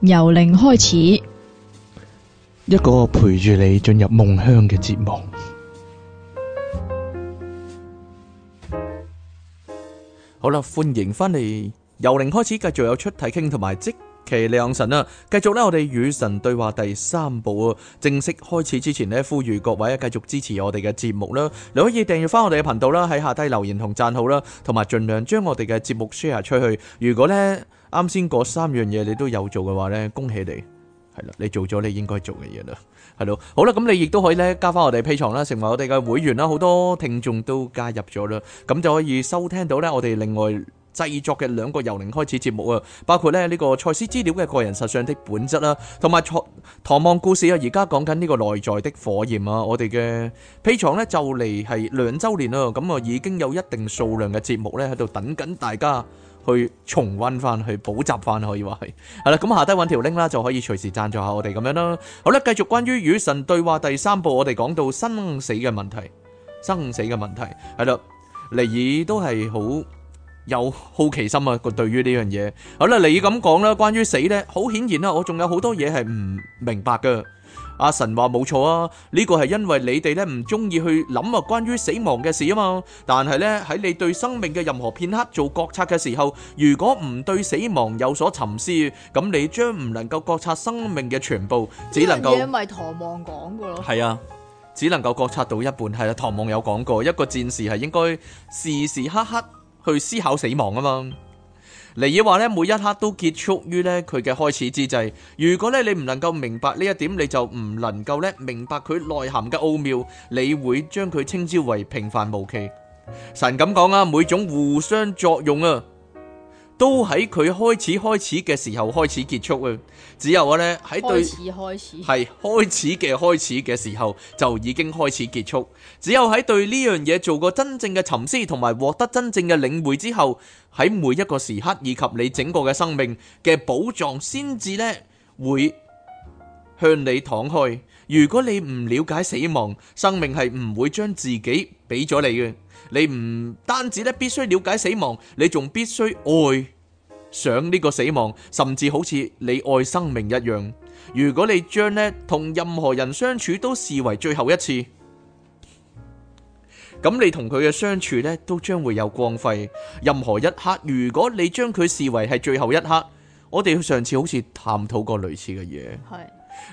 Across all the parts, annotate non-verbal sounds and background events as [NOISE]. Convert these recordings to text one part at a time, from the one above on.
由零開始，一個陪住你進入夢鄉嘅節目。好啦，歡迎翻嚟。由零開始，繼續有出題傾同埋即其亮神啊！繼續呢，我哋與神對話第三部啊，正式開始之前呢，呼籲各位啊，繼續支持我哋嘅節目啦。你可以訂閱翻我哋嘅頻道啦，喺下低留言同讚好啦，同埋盡量將我哋嘅節目 share 出去。如果呢。啱先嗰三樣嘢你都有做嘅話咧，恭喜你，係啦，你做咗你應該做嘅嘢啦，係咯，好啦，咁你亦都可以咧加翻我哋 Patreon 啦，成為我哋嘅會員啦，好多聽眾都加入咗啦，咁就可以收聽到咧我哋另外製作嘅兩個由零開始節目啊，包括咧呢個賽斯資料嘅個人實相的本質啦，同埋唐唐望故事啊，而家講緊呢個內在的火焰啊，我哋嘅 Patreon 咧就嚟係兩周年啦，咁啊已經有一定數量嘅節目咧喺度等緊大家。去重溫翻，去補習翻，可以話係係啦。咁下低搵條 link 啦，就可以隨時贊助下我哋咁樣咯。好啦，繼續關於與神對話第三部，我哋講到生死嘅問題，生死嘅問題係啦。尼爾都係好有好奇心啊，佢對於呢樣嘢。好啦，尼爾咁講啦，關於死咧，好顯然啦，我仲有好多嘢係唔明白噶。阿神話冇錯啊，呢個係因為你哋咧唔中意去諗啊關於死亡嘅事啊嘛。但係咧喺你對生命嘅任何片刻做覺察嘅時候，如果唔對死亡有所沉思，咁你將唔能夠覺察生命嘅全部，只能夠。呢嘢咪唐望講噶咯，係啊，只能夠覺察到一半係啊，唐望有講過，一個戰士係應該時時刻刻去思考死亡啊嘛。尼爾話呢，每一刻都結束於呢佢嘅開始之際。如果呢你唔能夠明白呢一點，你就唔能夠呢明白佢內涵嘅奧妙。你會將佢稱之為平凡無奇。神咁講啊，每種互相作用啊，都喺佢開始開始嘅時候開始結束啊！只有我咧喺對開始係開始嘅 [LAUGHS] 開始嘅時候就已經開始結束。只有喺對呢樣嘢做過真正嘅沉思同埋獲得真正嘅領會之後，喺每一個時刻以及你整個嘅生命嘅寶藏，先至呢，會向你敞開。如果你唔了解死亡，生命係唔會將自己俾咗你嘅。你唔單止咧必須了解死亡，你仲必須愛上呢個死亡，甚至好似你愛生命一樣。如果你將呢同任何人相處都視為最後一次，咁你同佢嘅相處呢都將會有光輝。任何一刻，如果你將佢視為係最後一刻，我哋上次好似探討過類似嘅嘢。的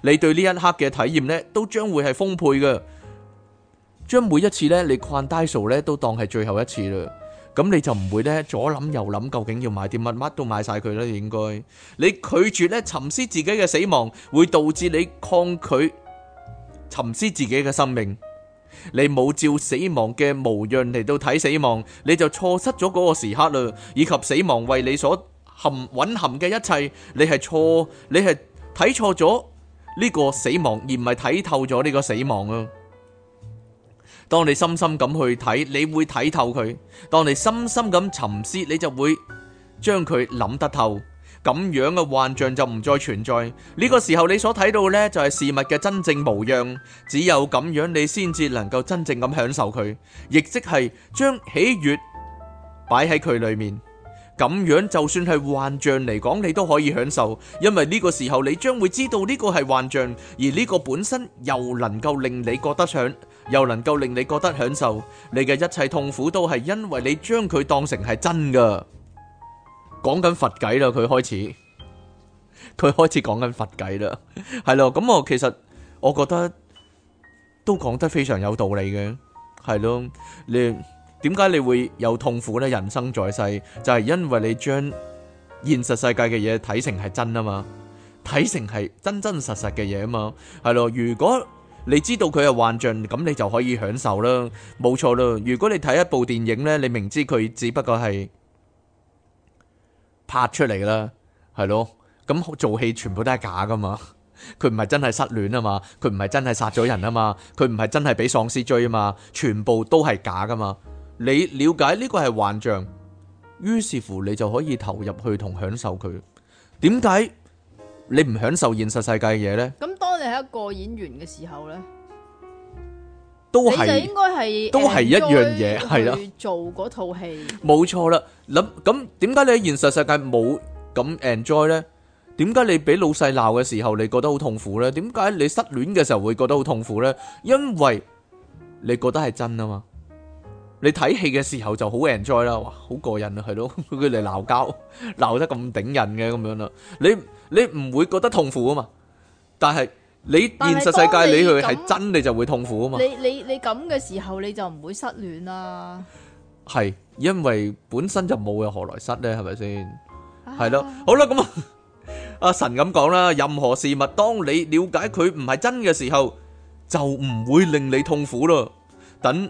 你對呢一刻嘅體驗呢都將會係豐沛嘅。將每一次咧，你逛低數咧，都當係最後一次啦。咁你就唔會咧，左諗右諗，究竟要買啲乜，乜都買晒佢啦。應該你拒絕咧，沉思自己嘅死亡，會導致你抗拒沉思自己嘅生命。你冇照死亡嘅模樣嚟到睇死亡，你就錯失咗嗰個時刻啦，以及死亡為你所含蘊含嘅一切。你係錯，你係睇錯咗呢個死亡，而唔係睇透咗呢個死亡啊！當你深深咁去睇，你會睇透佢；當你深深咁沉思，你就會將佢諗得透。咁樣嘅幻象就唔再存在。呢個時候你所睇到呢，就係事物嘅真正模樣。只有咁樣，你先至能夠真正咁享受佢，亦即係將喜悅擺喺佢裏面。咁樣就算係幻象嚟講，你都可以享受，因為呢個時候你將會知道呢個係幻象，而呢個本身又能夠令你覺得享，又能夠令你覺得享受。你嘅一切痛苦都係因為你將佢當成係真噶。講緊佛偈啦，佢開始，佢開始講緊佛偈啦，係咯。咁我其實我覺得都講得非常有道理嘅，係咯，你。點解你會有痛苦呢？人生在世就係因為你將現實世界嘅嘢睇成係真啊嘛，睇成係真真實實嘅嘢啊嘛，係咯。如果你知道佢係幻象，咁你就可以享受啦，冇錯啦。如果你睇一部電影呢，你明知佢只不過係拍出嚟啦，係咯。咁做戲全部都係假噶嘛，佢唔係真係失戀啊嘛，佢唔係真係殺咗人啊嘛，佢唔係真係俾喪屍追啊嘛，全部都係假噶嘛。你了解呢個係幻象，於是乎你就可以投入去同享受佢。點解你唔享受現實世界嘅嘢呢？咁當你係一個演員嘅時候呢，都係應該係都係一樣嘢，係啦，做嗰套戲。冇錯啦，咁咁點解你喺現實世界冇咁 enjoy 呢？點解你俾老細鬧嘅時候你覺得好痛苦呢？點解你失戀嘅時候會覺得好痛苦呢？因為你覺得係真啊嘛。你睇戲嘅時候就好 enjoy 啦，哇，好過癮啊，係咯，佢哋鬧交鬧得咁頂人嘅咁樣啦，你你唔會覺得痛苦啊嘛？但係你現實世界你去係真，你就會痛苦啊嘛。你你你咁嘅時候你就唔會失戀啦。係因為本身就冇有何來失咧？係咪先？係咯，好啦，咁啊，阿神咁講啦，任何事物當你了解佢唔係真嘅時候，就唔會令你痛苦咯。等。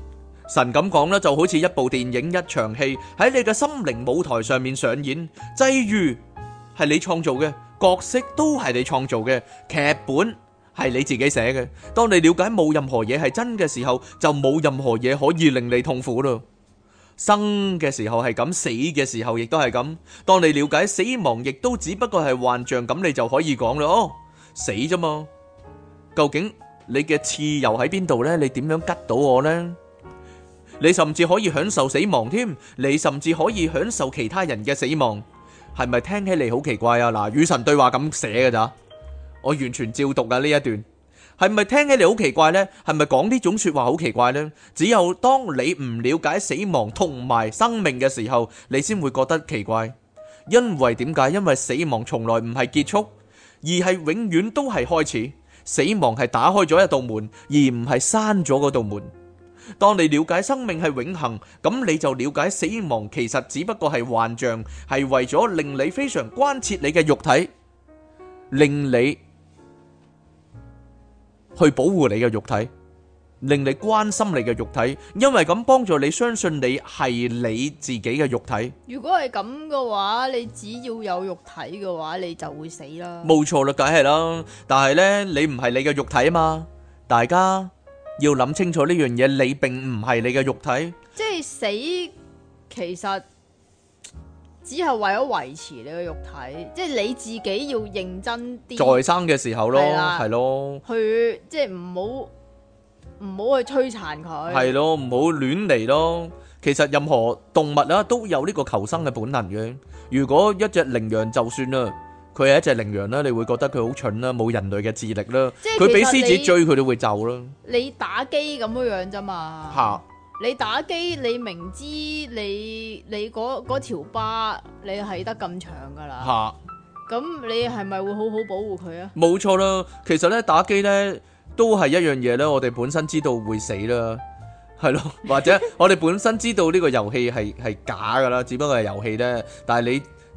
神咁講啦，就好似一部電影、一場戲喺你嘅心靈舞台上面上演。際遇係你創造嘅角色都，都係你創造嘅劇本，係你自己寫嘅。當你了解冇任何嘢係真嘅時候，就冇任何嘢可以令你痛苦咯。生嘅時候係咁，死嘅時候亦都係咁。當你了解死亡亦都只不過係幻象，咁你就可以講啦。哦，死啫嘛。究竟你嘅刺由喺邊度呢？你點樣吉到我呢？你甚至可以享受死亡添，你甚至可以享受其他人嘅死亡，係咪聽起嚟好奇怪啊？嗱，與神對話咁寫嘅咋，我完全照讀啊呢一段，係咪聽起嚟好奇怪咧？係咪講呢種說話好奇怪咧？只有當你唔了解死亡同埋生命嘅時候，你先會覺得奇怪，因為點解？因為死亡從來唔係結束，而係永遠都係開始。死亡係打開咗一道門，而唔係閂咗嗰道門。當你了解生命係永恒，咁你就了解死亡其實只不過係幻象，係為咗令你非常關切你嘅肉體，令你去保護你嘅肉體，令你關心你嘅肉體，因為咁幫助你相信你係你自己嘅肉體。如果係咁嘅話，你只要有肉體嘅話，你就會死啦。冇錯啦，梗係啦。但係呢，你唔係你嘅肉體啊嘛，大家。要諗清楚呢樣嘢，你並唔係你嘅肉體，即係死，其實只係為咗維持你嘅肉體，即係你自己要認真啲。在生嘅時候咯，係咯，去即係唔好唔好去摧殘佢，係咯，唔好亂嚟咯。其實任何動物啦都有呢個求生嘅本能嘅。如果一隻羚羊就算啦。佢係一隻羚羊啦，你會覺得佢好蠢啦，冇人類嘅智力啦。即係佢俾獅子追佢你都會就啦。你打機咁樣樣啫嘛？吓哈，你打機你明知你你嗰嗰條疤你係得咁長噶啦。吓哈，咁你係咪會好好保護佢啊？冇錯啦，其實咧打機咧都係一樣嘢咧，我哋本身知道會死啦，係咯，或者我哋本身知道呢個遊戲係係假噶啦，只不過係遊戲咧，但係你，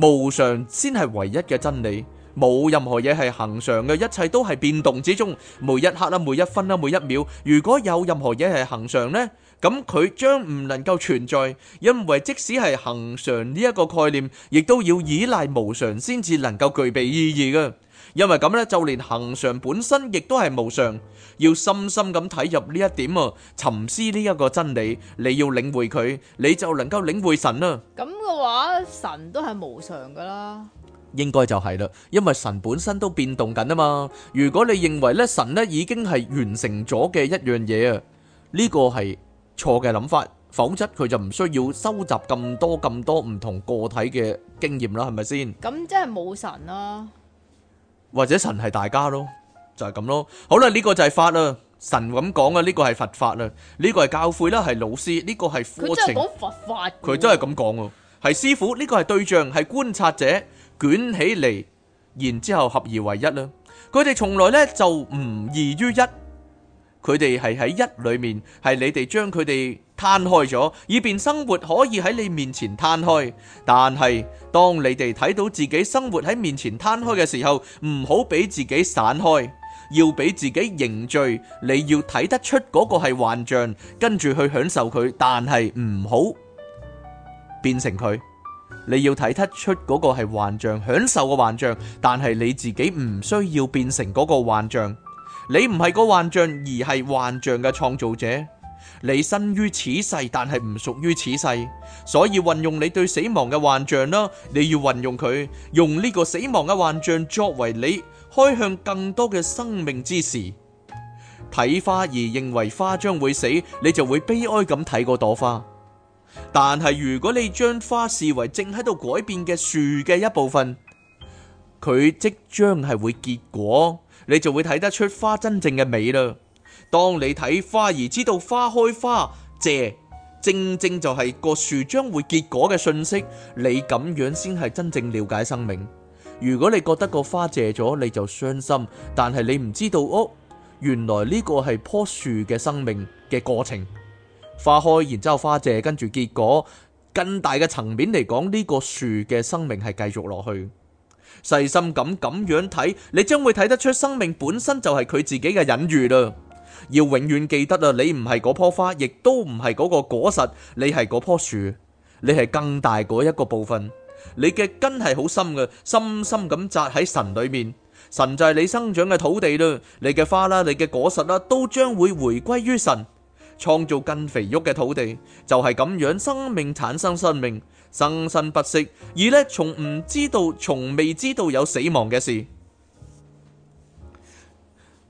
無常先係唯一嘅真理，冇任何嘢係恒常嘅，一切都係變動之中，每一刻啦，每一分啦，每一秒。如果有任何嘢係恒常呢，咁佢將唔能夠存在，因為即使係恒常呢一個概念，亦都要依賴無常先至能夠具備意義嘅。因為咁呢，就連恒常本身亦都係無常。要深深咁睇入呢一點啊，沉思呢一個真理，你要領會佢，你就能夠領會神啦。咁嘅話，神都係無常噶啦，應該就係啦，因為神本身都變動緊啊嘛。如果你認為咧神咧已經係完成咗嘅一樣嘢啊，呢個係錯嘅諗法，否則佢就唔需要收集咁多咁多唔同個體嘅經驗啦，係咪先？咁即係冇神啦，或者神係大家咯。就係咁咯。好啦，呢個就係法啦，神咁講啊，呢個係佛法啦，呢個係教誨啦，係老師，呢個係課程。佢真係講佛法，佢真係咁講喎，係師傅，呢個係對象，係觀察者捲起嚟，然之後合而為一啦。佢哋從來呢就唔二於一，佢哋係喺一裏面，係你哋將佢哋攤開咗，以便生活可以喺你面前攤開。但係當你哋睇到自己生活喺面前攤開嘅時候，唔好俾自己散開。要俾自己凝聚，你要睇得出嗰個係幻象，跟住去享受佢，但係唔好變成佢。你要睇得出嗰個係幻象，享受個幻象，但係你自己唔需要變成嗰個幻象。你唔係個幻象，而係幻象嘅創造者。你生於此世，但係唔屬於此世，所以運用你對死亡嘅幻象啦，你要運用佢，用呢個死亡嘅幻象作為你，開向更多嘅生命之時，睇花，而認為花將會死，你就會悲哀咁睇嗰朵花。但係如果你將花視為正喺度改變嘅樹嘅一部分，佢即將係會結果，你就會睇得出花真正嘅美啦。當你睇花而知道花開花謝，正正就係個樹將會結果嘅訊息，你咁樣先係真正了解生命。如果你覺得個花謝咗你就傷心，但係你唔知道哦，原來呢個係棵樹嘅生命嘅過程，花開，然之後花謝，跟住結果。更大嘅層面嚟講，呢個樹嘅生命係繼續落去。細心咁咁樣睇，你將會睇得出生命本身就係佢自己嘅隱喻啦。要永遠記得啊，你唔係嗰棵花，亦都唔係嗰個果實，你係嗰棵樹，你係更大嗰一個部分。你嘅根係好深嘅，深深咁扎喺神裏面，神就係你生長嘅土地啦。你嘅花啦，你嘅果實啦，都將會回歸於神，創造更肥沃嘅土地。就係咁樣，生命產生生命，生生不息。而呢，從唔知道，從未知道有死亡嘅事。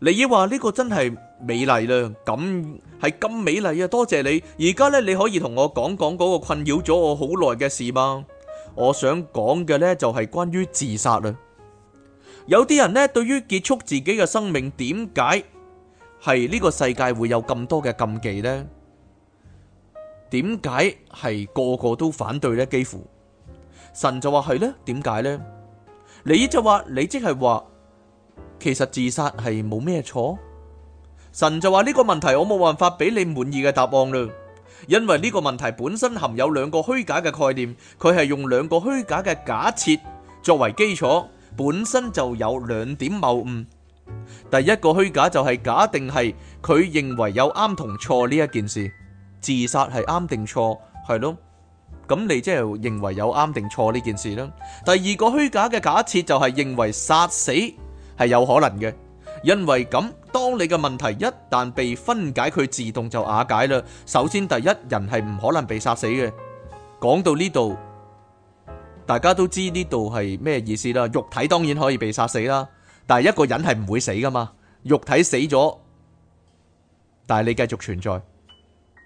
你以話呢個真係美麗啦，咁係咁美麗啊！多謝你，而家呢，你可以同我講講嗰個困擾咗我好耐嘅事嗎？我想講嘅呢，就係關於自殺啦，有啲人呢，對於結束自己嘅生命，點解係呢個世界會有咁多嘅禁忌呢？點解係個個都反對呢？幾乎神就話係呢？點解呢？你就話你即係話，其實自殺係冇咩錯？神就話呢個問題我冇辦法俾你滿意嘅答案啦。因為呢個問題本身含有兩個虛假嘅概念，佢係用兩個虛假嘅假設作為基礎，本身就有兩點謬誤。第一個虛假就係假定係佢認為有啱同錯呢一件事，自殺係啱定錯，係咯，咁你即係認為有啱定錯呢件事啦？第二個虛假嘅假設就係認為殺死係有可能嘅，因為咁。當你嘅問題一旦被分解，佢自動就瓦解啦。首先，第一，人係唔可能被殺死嘅。講到呢度，大家都知呢度係咩意思啦。肉體當然可以被殺死啦，但係一個人係唔會死噶嘛。肉體死咗，但係你繼續存在，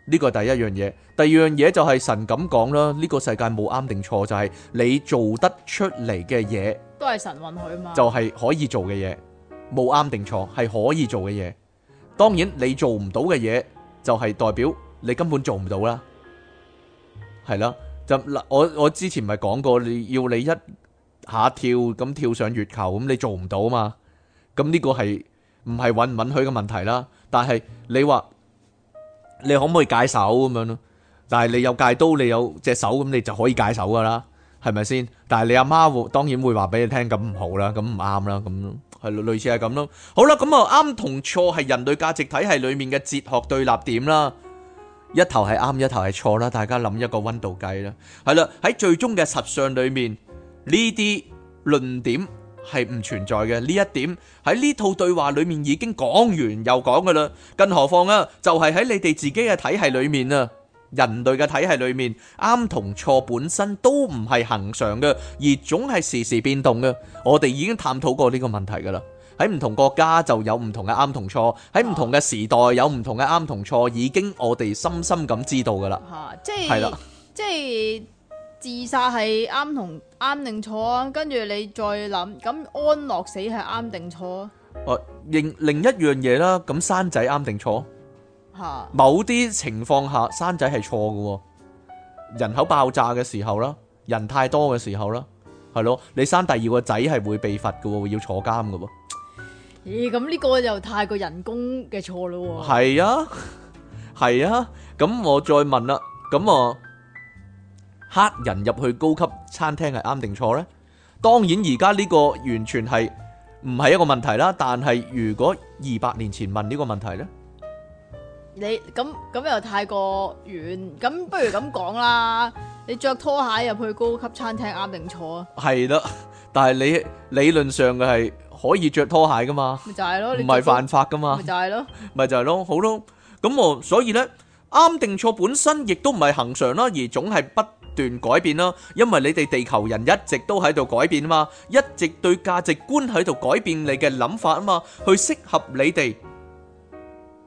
呢個第一樣嘢。第二樣嘢就係神咁講啦。呢個世界冇啱定錯，就係你做得出嚟嘅嘢都係神允許啊嘛，就係可以做嘅嘢。冇啱定錯，係可以做嘅嘢，當然你做唔到嘅嘢，就係代表你根本做唔到啦。係啦，就嗱，我我之前咪講過，你要你一下跳咁跳上月球咁，你做唔到啊嘛。咁呢個係唔係允唔允許嘅問題啦？但係你話你可唔可以解手咁樣咯？但係你有戒刀，你有隻手咁，你就可以解手噶啦，係咪先？但係你阿媽會當然會話俾你聽咁唔好啦，咁唔啱啦，咁。係類似係咁咯，好啦，咁啊啱同錯係人類價值體系裏面嘅哲學對立點啦，一頭係啱，一頭係錯啦，大家諗一個溫度計啦，係啦，喺最終嘅實相裏面呢啲論點係唔存在嘅，呢一點喺呢套對話裏面已經講完又講噶啦，更何況啊，就係喺你哋自己嘅體系裏面啊。人類嘅體系裏面，啱同錯本身都唔係恆常嘅，而總係時時變動嘅。我哋已經探討過呢個問題噶啦，喺唔同國家就有唔同嘅啱同錯，喺唔同嘅時代有唔同嘅啱同錯，已經我哋深深咁知道噶啦。嚇，即係係啦，即係自殺係啱同啱定錯啊？跟住你再諗，咁安樂死係啱定錯啊？哦，另另一樣嘢啦，咁生仔啱定錯？某啲情況下，生仔係錯嘅，人口爆炸嘅時候啦，人太多嘅時候啦，係咯，你生第二個仔係會被罰嘅，會要坐監嘅。咦、欸、咁、這、呢個又太過人工嘅錯咯？係啊，係啊，咁我再問啦，咁啊、呃，黑人入去高級餐廳係啱定錯呢？當然而家呢個完全係唔係一個問題啦，但係如果二百年前問呢個問題呢？你咁咁又太過遠，咁不如咁講啦。你着拖鞋入去高級餐廳啱定錯啊？係咯，但係你理論上嘅係可以着拖鞋噶嘛？咪就係咯，你唔係犯法噶嘛？咪就係咯，咪就係咯，好咯。咁我所以呢啱定錯本身亦都唔係恒常啦，而總係不斷改變啦。因為你哋地球人一直都喺度改變啊嘛，一直對價值觀喺度改變你嘅諗法啊嘛，去適合你哋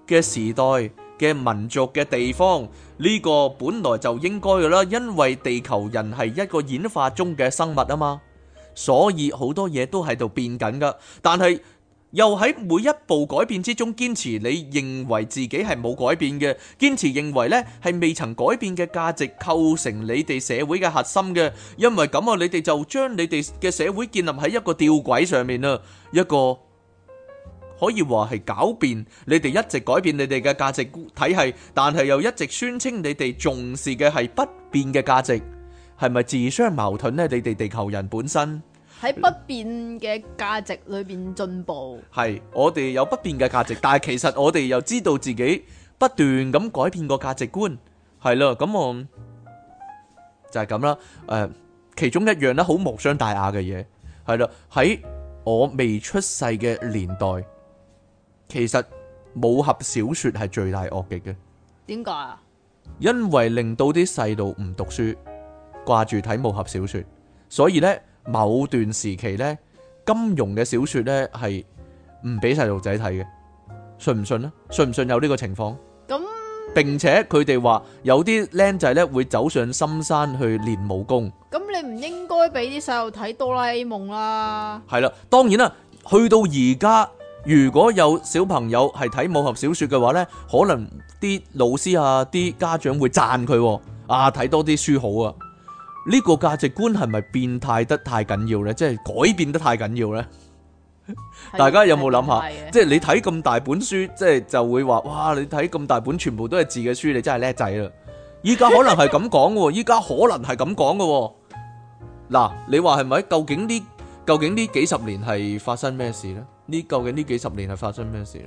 嘅時代嘅民族嘅地方呢個本來就應該噶啦，因為地球人係一個演化中嘅生物啊嘛，所以好多嘢都喺度變緊噶。但係又喺每一步改變之中堅持你認為自己係冇改變嘅，堅持認為呢係未曾改變嘅價值構成你哋社會嘅核心嘅。因為咁啊，你哋就將你哋嘅社會建立喺一個吊詭上面啊，一個。可以話係狡辯，你哋一直改變你哋嘅價值體系，但係又一直宣稱你哋重視嘅係不變嘅價值，係咪自相矛盾呢？你哋地球人本身喺不變嘅價值裏邊進步，係我哋有不變嘅價值，但係其實我哋又知道自己不斷咁改變個價值觀，係咯？咁我就係咁啦。誒、呃，其中一樣咧，好無傷大雅嘅嘢，係啦，喺我未出世嘅年代。其實武俠小說係罪大惡極嘅。點解？因為令到啲細路唔讀書，掛住睇武俠小說，所以呢某段時期呢金庸嘅小說呢係唔俾細路仔睇嘅。信唔信咧？信唔信有呢個情況？咁、嗯、並且佢哋話有啲僆仔呢會走上深山去練武功。咁、嗯、你唔應該俾啲細路睇哆啦 A 夢啦。係啦，當然啦，去到而家。如果有小朋友係睇武俠小說嘅話呢，可能啲老師啊、啲家長會讚佢、啊，啊睇多啲書好啊！呢、呢個價值觀係咪變態得太緊要呢？即係改變得太緊要呢？ [LAUGHS] 大家有冇諗下？ [LAUGHS] 即係你睇咁大本書，即係 [LAUGHS] 就會話哇！你睇咁大本全部都係字嘅書，你真係叻仔啦！依家可能係咁講，依家 [LAUGHS] 可能係咁講嘅。嗱，你話係咪？究竟呢？究竟呢幾十年係發生咩事呢？呢究竟呢幾十年係發生咩事咧？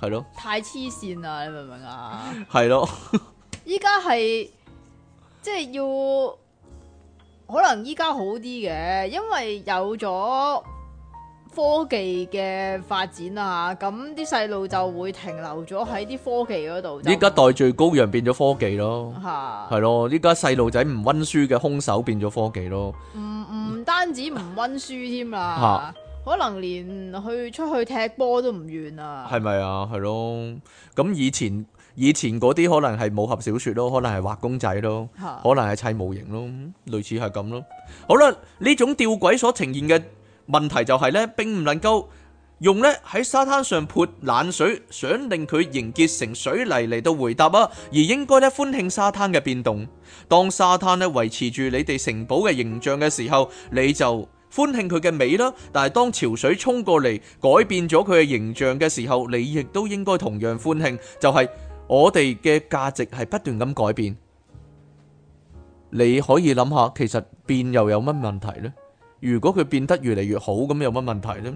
係咯，太黐線啦！你明唔明啊？係咯是的， [LAUGHS] 依家係即係要可能依家好啲嘅，因為有咗科技嘅發展啊，咁啲細路就會停留咗喺啲科技嗰度。依家代罪羔羊變咗科技咯，係咯的，依家細路仔唔温書嘅兇手變咗科技咯，唔唔、嗯、單止唔温書添啦。可能連去出去踢波都唔願啊？係咪啊？係咯。咁以前以前嗰啲可能係武俠小說咯，可能係畫公仔咯，可能係砌模型咯，類似係咁咯。好啦，呢種吊詭所呈現嘅問題就係呢，並唔能夠用呢喺沙灘上潑冷水，想令佢凝結成水泥嚟到回答啊，而應該呢歡慶沙灘嘅變動。當沙灘呢維持住你哋城堡嘅形象嘅時候，你就。歡慶佢嘅美啦，但係當潮水衝過嚟改變咗佢嘅形象嘅時候，你亦都應該同樣歡慶。就係我哋嘅價值係不斷咁改變，你可以諗下，其實變又有乜問題呢？如果佢變得越嚟越好，咁有乜問題呢？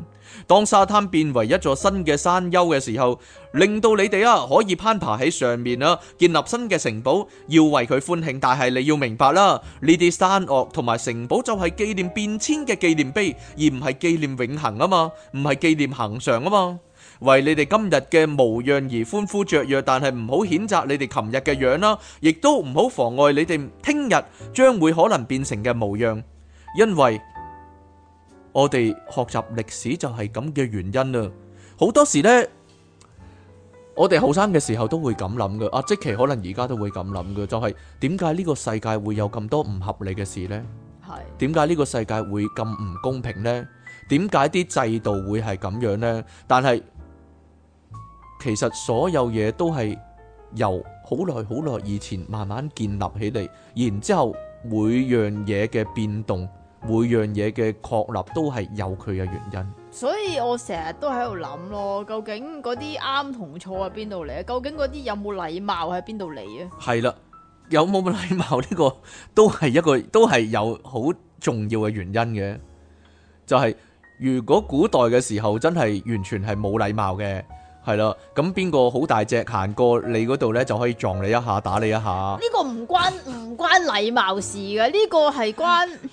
當沙灘變為一座新嘅山丘嘅時候，令到你哋啊可以攀爬喺上面啊，建立新嘅城堡，要為佢歡慶。但係你要明白啦，呢啲山岳同埋城堡就係紀念變遷嘅紀念碑，而唔係紀念永恆啊嘛，唔係紀念恆常啊嘛。為你哋今日嘅模樣而歡呼雀躍，但係唔好譴責你哋琴日嘅樣啦，亦都唔好妨礙你哋聽日將會可能變成嘅模樣，因為。我哋學習歷史就係咁嘅原因啦，好多時呢，我哋後生嘅時候都會咁諗噶，阿、啊、即奇可能而家都會咁諗噶，就係點解呢個世界會有咁多唔合理嘅事呢？係點解呢個世界會咁唔公平呢？點解啲制度會係咁樣呢？但係其實所有嘢都係由好耐好耐以前慢慢建立起嚟，然之後每樣嘢嘅變動。每樣嘢嘅確立都係有佢嘅原因，所以我成日都喺度諗咯，究竟嗰啲啱同錯喺邊度嚟？究竟嗰啲有冇禮貌喺邊度嚟啊？係啦，有冇禮貌呢個都係一個都係有好重要嘅原因嘅。就係如果古代嘅時候真係完全係冇禮貌嘅，係啦，咁邊個好大隻行過你嗰度呢，就可以撞你一下，打你一下。呢個唔關唔關禮貌事嘅，呢個係關.。 [LAUGHS]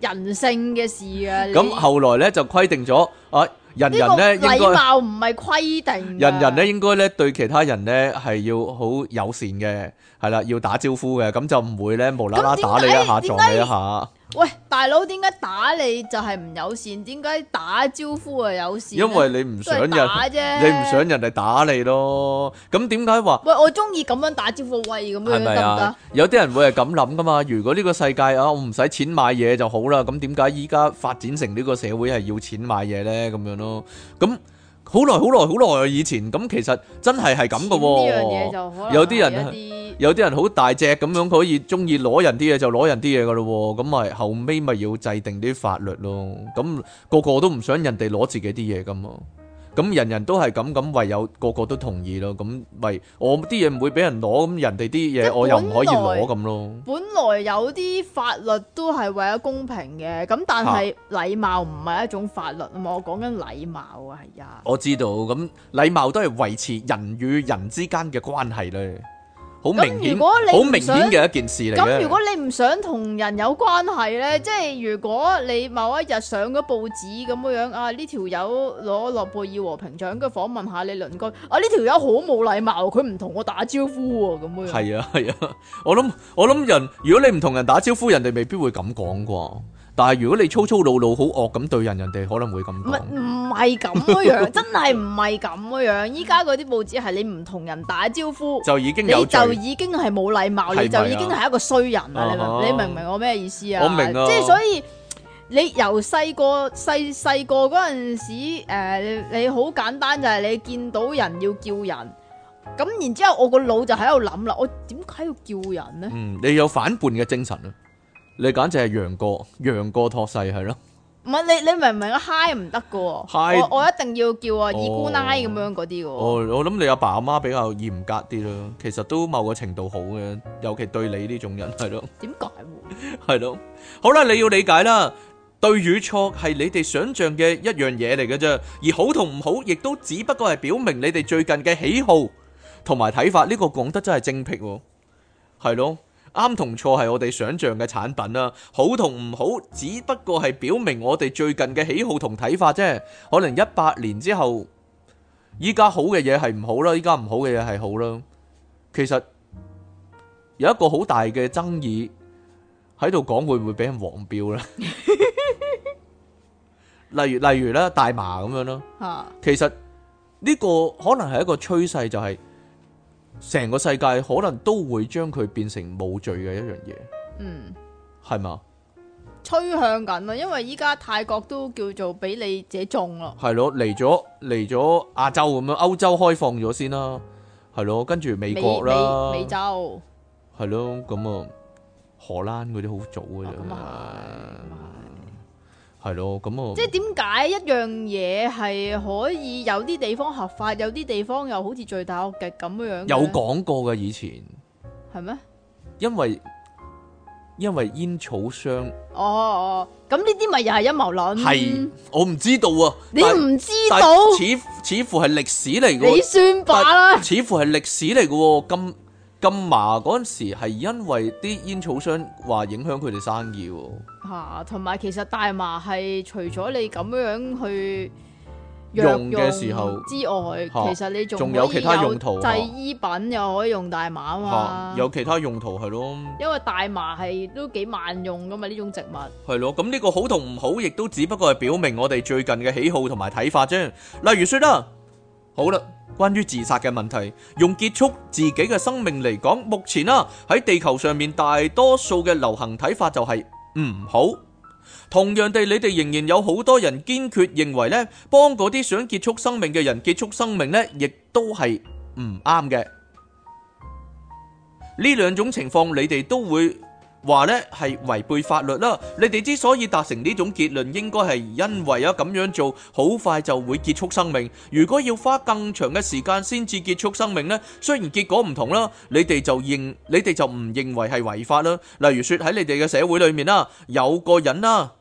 人性嘅事啊！咁後來咧就規定咗啊，人人咧應該禮貌，唔係規定，人人咧應該咧對其他人咧係要好友善嘅，係啦，要打招呼嘅，咁就唔會咧無啦啦打你一下撞你一下。喂，大佬，點解打你就係唔友善？點解打招呼啊友善？因為你唔想人， [LAUGHS] 你唔想人哋打你咯。咁點解話？喂，我中意咁樣打招呼喂咁樣得唔得？有啲人會係咁諗噶嘛？如果呢個世界啊，我唔使錢買嘢就好啦。咁點解依家發展成呢個社會係要錢買嘢咧？咁樣咯，咁。好耐好耐好耐啊！以前咁其實真係係咁嘅喎，有啲人有啲人好大隻咁樣，可以鍾意攞人啲嘢就攞人啲嘢噶咯喎，咁咪後尾咪要制定啲法律咯，咁個個都唔想人哋攞自己啲嘢咁啊！咁人人都係咁，咁唯有個個都同意咯。咁咪我啲嘢唔會俾人攞，咁人哋啲嘢我又唔可以攞咁咯。本來有啲法律都係為咗公平嘅，咁但係禮貌唔係一種法律啊嘛。我講緊禮貌啊，係啊。我知道，咁禮貌都係維持人與人之間嘅關係咧。好明顯，好明顯嘅一件事嚟。咁如果你唔想同人有關係呢，即係如果你某一日上咗報紙咁嘅樣，啊呢條友攞諾貝爾和平獎嘅訪問下你鄰居，啊呢條友好冇禮貌，佢唔同我打招呼喎，咁嘅樣。係啊係啊，我諗我諗人，如果你唔同人打招呼，人哋未必會咁講啩。但係如果你粗粗魯魯、好惡咁對人，人哋可能會咁講。唔係咁樣，真係唔係咁樣。依家嗰啲報紙係你唔同人打招呼，就已經你就已經係冇禮貌，你就已經係一個衰人啦。你明？你明唔明我咩意思啊？我明啊！即係所以你由細個細細個嗰陣時，誒你好簡單就係你見到人要叫人。咁然之後，我個腦就喺度諗啦，我點解要叫人呢？嗯，你有反叛嘅精神啊！你簡直係楊過楊過託世係咯，唔係你你明唔明啊？high 唔得嘅喎，我我一定要叫二姑奶咁樣嗰啲嘅喎。我我諗你阿爸阿媽比較嚴格啲咯，其實都某個程度好嘅，尤其對你呢種人係咯。點解喎？係咯，好啦，你要理解啦，對與錯係你哋想象嘅一樣嘢嚟嘅啫，而好同唔好亦都只不過係表明你哋最近嘅喜好同埋睇法。呢個講得真係精闢喎，係咯。啱同錯係我哋想象嘅產品啦，好同唔好只不過係表明我哋最近嘅喜好同睇法啫。可能一百年之後，依家好嘅嘢係唔好啦，依家唔好嘅嘢係好啦。其實有一個好大嘅爭議喺度講，會唔會俾人黃標啦？ [LAUGHS] 例如例如咧大麻咁樣咯，其實呢、呢個可能係一個趨勢就係、是。成個世界可能都會將佢變成冇罪嘅一樣嘢，嗯，係嘛？趨向緊啊，因為依家泰國都叫做俾你自己種咯，係咯，嚟咗嚟咗亞洲咁樣，歐洲開放咗先啦，係咯，跟住美國啦，美洲係咯，咁啊，荷蘭嗰啲好早㗎。啊啊係咯，咁啊，即係點解一樣嘢係可以有啲地方合法，有啲地方又好似罪大惡極咁樣樣？有講過嘅以前係咩？因為因為煙草商哦哦，咁呢啲咪又係陰謀論？係，我唔知道啊！你唔知道？似似乎係歷史嚟嘅，你算罷啦！似乎係歷史嚟嘅喎，咁。禁麻嗰陣時係因為啲煙草商話影響佢哋生意喎，啊。同埋、啊、其實大麻係除咗你咁樣去用嘅時候之外，其實你仲仲有，啊、有其他用途。製衣品又可以用大麻嘛。有其他用途係咯。因為大麻係都幾萬用㗎嘛，呢種植物。係咯，咁呢個好同唔好，亦都只不過係表明我哋最近嘅喜好同埋睇法啫。例如，説啦，好啦。關於自殺嘅問題，用結束自己嘅生命嚟講，目前啊，喺地球上面大多數嘅流行睇法就係唔好。同樣地，你哋仍然有好多人堅決認為咧，幫嗰啲想結束生命嘅人結束生命咧，亦都係唔啱嘅。呢兩種情況，你哋都會。話咧係違背法律啦，你哋之所以達成呢種結論，應該係因為啊咁樣做好快就會結束生命。如果要花更長嘅時間先至結束生命呢，雖然結果唔同啦，你哋就認你哋就唔認為係違法啦。例如說，喺你哋嘅社會裏面啦，有個人啦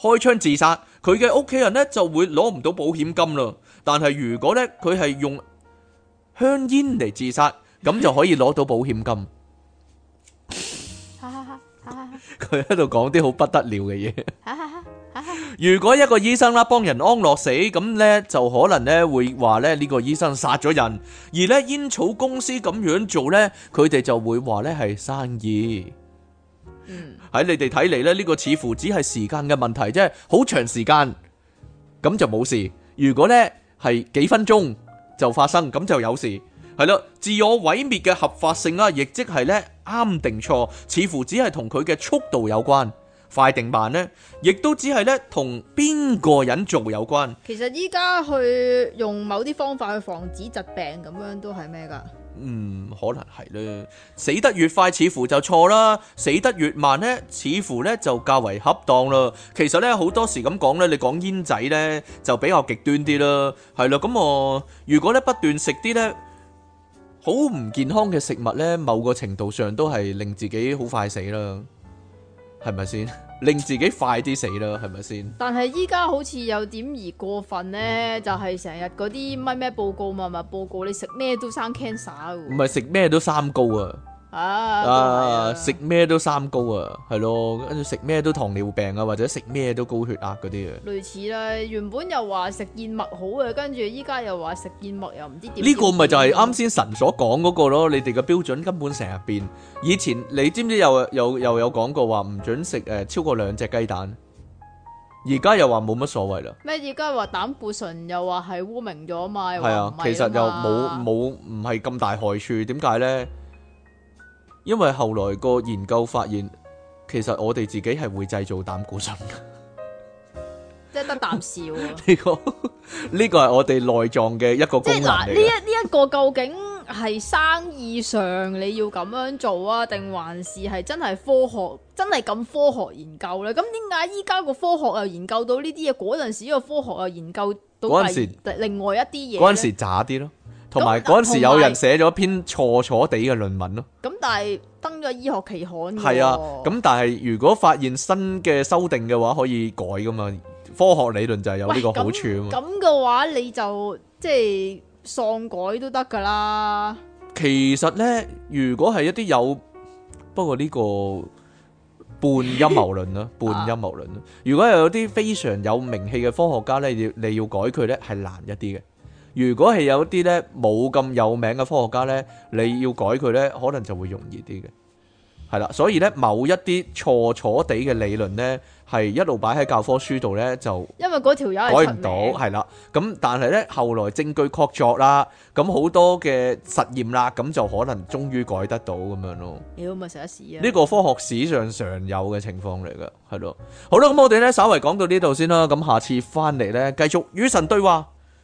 開槍自殺，佢嘅屋企人呢就會攞唔到保險金啦。但係如果呢佢係用香煙嚟自殺，咁就可以攞到保險金。佢喺度講啲好不得了嘅嘢。如果一個醫生啦幫人安樂死，咁咧就可能咧會話咧呢個醫生殺咗人，而咧煙草公司咁樣做咧，佢哋就會話咧係生意。嗯，喺你哋睇嚟咧呢個似乎只係時間嘅問題啫，好長時間咁就冇事。如果咧係幾分鐘就發生，咁就有事。係啦，自我毀滅嘅合法性啊，亦即係咧啱定錯，似乎只係同佢嘅速度有關，快定慢呢，亦都只係咧同邊個人做有關。其實依家去用某啲方法去防止疾病，咁樣都係咩噶？嗯，可能係咧，死得越快似乎就錯啦，死得越慢呢，似乎呢就較為恰當啦。其實呢，好多時咁講呢，你講煙仔呢，就比較極端啲啦。係啦，咁我、呃、如果咧不斷食啲呢。好唔健康嘅食物呢，某個程度上都係令自己好快死啦，係咪先？ [LAUGHS] 令自己快啲死啦，係咪先？但係依家好似有點而過分呢，就係成日嗰啲乜乜報告、乜乜報告，你食咩都生 cancer 㗎喎，唔係食咩都三高啊。啊，啊，啊！食咩都三高啊，係咯，跟住食咩都糖尿病啊，或者食咩都高血壓嗰啲啊。類似啦，原本又話食燕麥好啊，跟住依家又話食燕麥又唔知點。呢個咪就係啱先神所講嗰個咯，你哋嘅標準根本成日變。以前你知唔知又又又有講過話唔准食誒、呃、超過兩隻雞蛋，而家又話冇乜所謂啦。咩？而家話膽固醇又話係污名咗嘛？係啊，其實又冇冇唔係咁大害處，點解咧？因為後來個研究發現，其實我哋自己係會製造膽固醇噶，即係得啖笑， [LAUGHS] 、這個。呢個呢個係我哋內臟嘅一個功能嚟。即係嗱，呢一呢一個究竟係生意上你要咁樣做啊，定還是係真係科學？真係咁科學研究咧、啊？咁點解依家個科學又研究到呢啲嘢？嗰陣時個科學又研究到另外一啲嘢？嗰陣時渣啲咯。同埋嗰陣時有人寫咗篇錯錯地嘅論文咯。咁但係登咗醫學期刊。係啊，咁但係如果發現新嘅修訂嘅話，可以改噶嘛？科學理論就係有呢個好處嘛。咁嘅話你就即係喪改都得噶啦。其實呢，如果係一啲有不過呢個半陰謀論啦， [LAUGHS] 半陰謀論啦。如果有啲非常有名氣嘅科學家呢，你要，你要改佢呢，係難一啲嘅。如果係有啲咧冇咁有名嘅科學家咧，你要改佢咧，可能就會容易啲嘅，係啦。所以咧，某一啲錯錯地嘅理論咧，係一路擺喺教科書度咧，就因為嗰條友改唔到，係啦。咁但係咧，後來證據確鑿啦，咁好多嘅實驗啦，咁就可能終於改得到咁樣咯。妖咪成一時啊！呢個科學史上常有嘅情況嚟噶，係咯。好啦，咁我哋咧，稍微講到呢度先啦。咁下次翻嚟咧，繼續與神對話。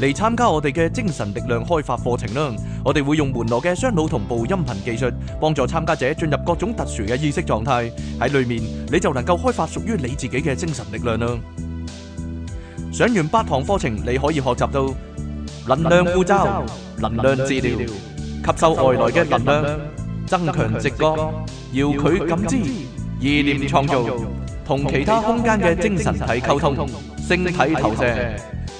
嚟參加我哋嘅精神力量開發課程啦！我哋會用門羅嘅雙腦同步音頻技術，幫助參加者進入各種特殊嘅意識狀態。喺裏面你就能夠開發屬於你自己嘅精神力量啦！上完八堂課程，你可以學習到能量呼召、能量治療、吸收外來嘅能量、增強直覺、遙距感知、意念創造、同其他空間嘅精神體溝通、星體投射。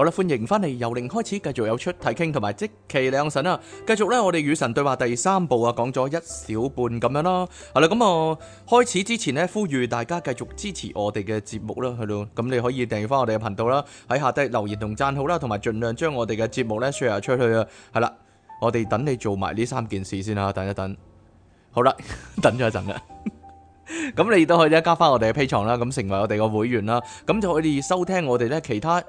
好啦，歡迎翻嚟由零開始，繼續有出題傾同埋即期兩神啊！繼續咧，我哋與神對話第三部啊，講咗一小半咁樣啦。係啦，咁、嗯、啊，開始之前咧，呼籲大家繼續支持我哋嘅節目啦，係咯。咁、嗯、你可以訂閱翻我哋嘅頻道啦，喺下低留言同讚好啦，同埋盡量將我哋嘅節目咧 share 出去啊。係啦，我哋等你做埋呢三件事先啦，等一等。好啦， [LAUGHS] 等咗一陣啦。咁 [LAUGHS] 你都可以加翻我哋嘅 P 床啦，咁成為我哋個會員啦，咁就可以收聽我哋咧其他。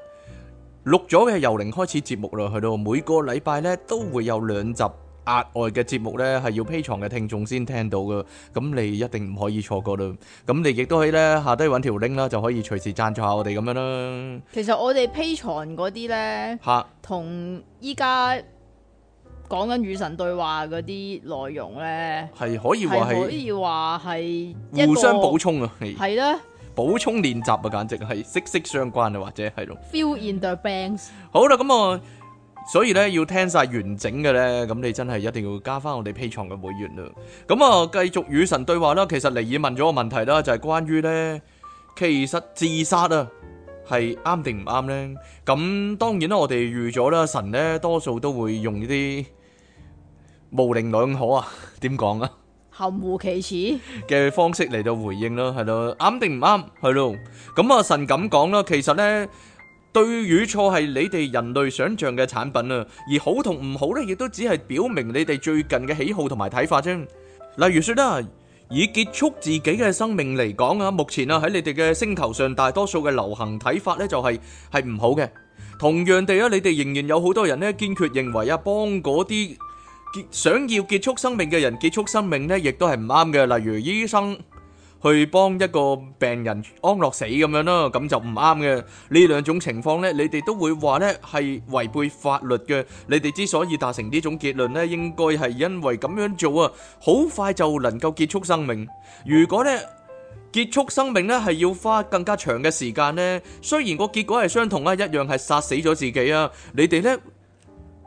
錄咗嘅由零開始節目啦，去到每個禮拜咧都會有兩集額外嘅節目咧，係要 Patreon 嘅聽眾先聽到嘅，咁你一定唔可以錯過咯。咁你亦都可以咧下低揾條 link 啦，就可以隨時贊助下我哋咁樣啦。其實我哋 Patreon 嗰啲咧，吓同依家講緊與神對話嗰啲內容咧，係可以話係可以話係互相補充啊，係啦。補充練習啊，簡直係息息相關啊，或者係咯。Feel in the bands。好啦，咁我所以咧要聽晒完整嘅咧，咁你真係一定要加翻我哋 Patreon 嘅會員啦。咁啊，繼續與神對話啦。其實尼爾問咗個問題啦，就係、是、關於咧，其實自殺啊係啱定唔啱咧？咁當然啦，我哋預咗啦，神咧多數都會用呢啲模棱兩可啊，點講啊？含糊其辭嘅方式嚟到回應咯，係咯，啱定唔啱，係咯。咁啊，神咁講啦，其實呢對與錯係你哋人類想象嘅產品啊，而好同唔好呢，亦都只係表明你哋最近嘅喜好同埋睇法啫。例如說啦，以結束自己嘅生命嚟講啊，目前啊喺你哋嘅星球上，大多數嘅流行睇法呢就係係唔好嘅。同樣地啊，你哋仍然有好多人呢堅決認為啊，幫嗰啲。想要結束生命嘅人結束生命呢，亦都係唔啱嘅。例如醫生去幫一個病人安樂死咁樣啦，咁就唔啱嘅。呢兩種情況呢，你哋都會話呢係違背法律嘅。你哋之所以達成呢種結論呢，應該係因為咁樣做啊，好快就能夠結束生命。如果呢結束生命呢係要花更加長嘅時間呢，雖然個結果係相同啦，一樣係殺死咗自己啊，你哋呢。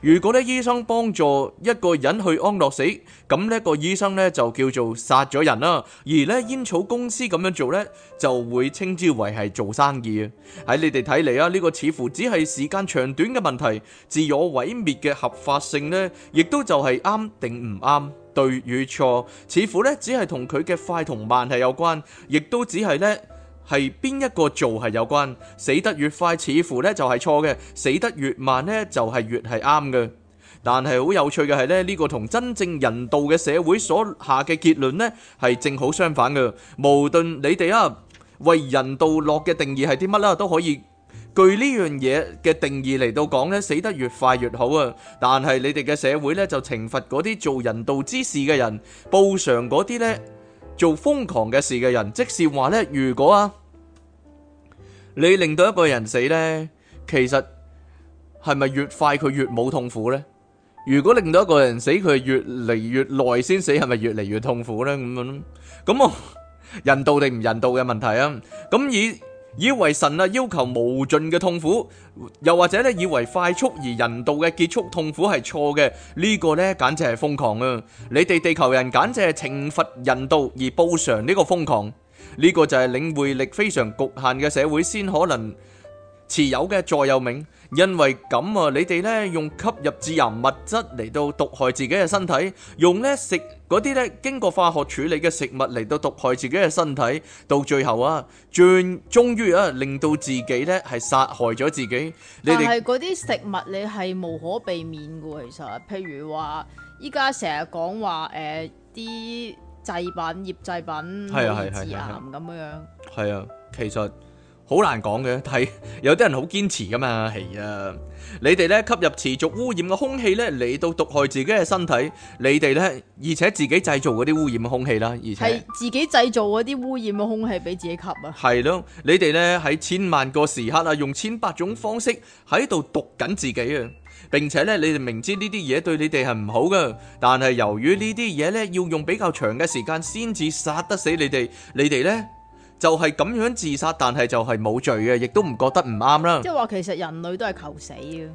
如果咧醫生幫助一個人去安樂死，咁、那、呢個醫生呢就叫做殺咗人啦。而呢煙草公司咁樣做呢，就會稱之為係做生意。喺你哋睇嚟啊，呢、這個似乎只係時間長短嘅問題，自我毀滅嘅合法性呢，亦都就係啱定唔啱，對與錯，似乎呢只係同佢嘅快同慢係有關，亦都只係呢。係邊一個做係有關，死得越快似乎咧就係錯嘅，死得越慢咧就係越係啱嘅。但係好有趣嘅係咧，呢個同真正人道嘅社會所下嘅結論咧係正好相反嘅。無論你哋啊為人道落嘅定義係啲乜啦，都可以據呢樣嘢嘅定義嚟到講咧，死得越快越好啊。但係你哋嘅社會咧就懲罰嗰啲做人道之事嘅人，報償嗰啲咧。做瘋狂嘅事嘅人，即是話咧，如果啊，你令到一個人死咧，其實係咪越快佢越冇痛苦咧？如果令到一個人死，佢越嚟越耐先死，係咪越嚟越痛苦咧？嗯嗯、咁樣咁啊，人道定唔人道嘅問題啊？咁以。以為神啊要求無盡嘅痛苦，又或者咧以為快速而人道嘅結束痛苦係錯嘅，呢個咧簡直係瘋狂啊！你哋地球人簡直係懲罰人道而報償呢個瘋狂，呢個就係領會力非常局限嘅社會先可能持有嘅座右銘，因為咁啊，你哋呢用吸入致癌物質嚟到毒害自己嘅身體，用呢食嗰啲呢經過化學處理嘅食物嚟到毒害自己嘅身體，到最後啊，終終於啊令到自己呢係殺害咗自己。但係嗰啲食物你係無可避免噶，其實，譬如話依家成日講話誒啲製品、醃製品致癌咁樣樣。係啊，其實。好難講嘅，但係有啲人好堅持噶嘛，係啊！你哋咧吸入持續污染嘅空氣咧，嚟到毒害自己嘅身體，你哋咧而且自己製造嗰啲污染嘅空氣啦，而且係自己製造嗰啲污染嘅空氣俾自己吸啊！係咯，你哋咧喺千萬個時刻啊，用千百種方式喺度毒緊自己啊，並且咧你哋明知呢啲嘢對你哋係唔好噶，但係由於呢啲嘢咧要用比較長嘅時間先至殺得死你哋，你哋咧。就係咁樣自殺，但係就係冇罪嘅，亦都唔覺得唔啱啦。即係話，其實人類都係求死嘅。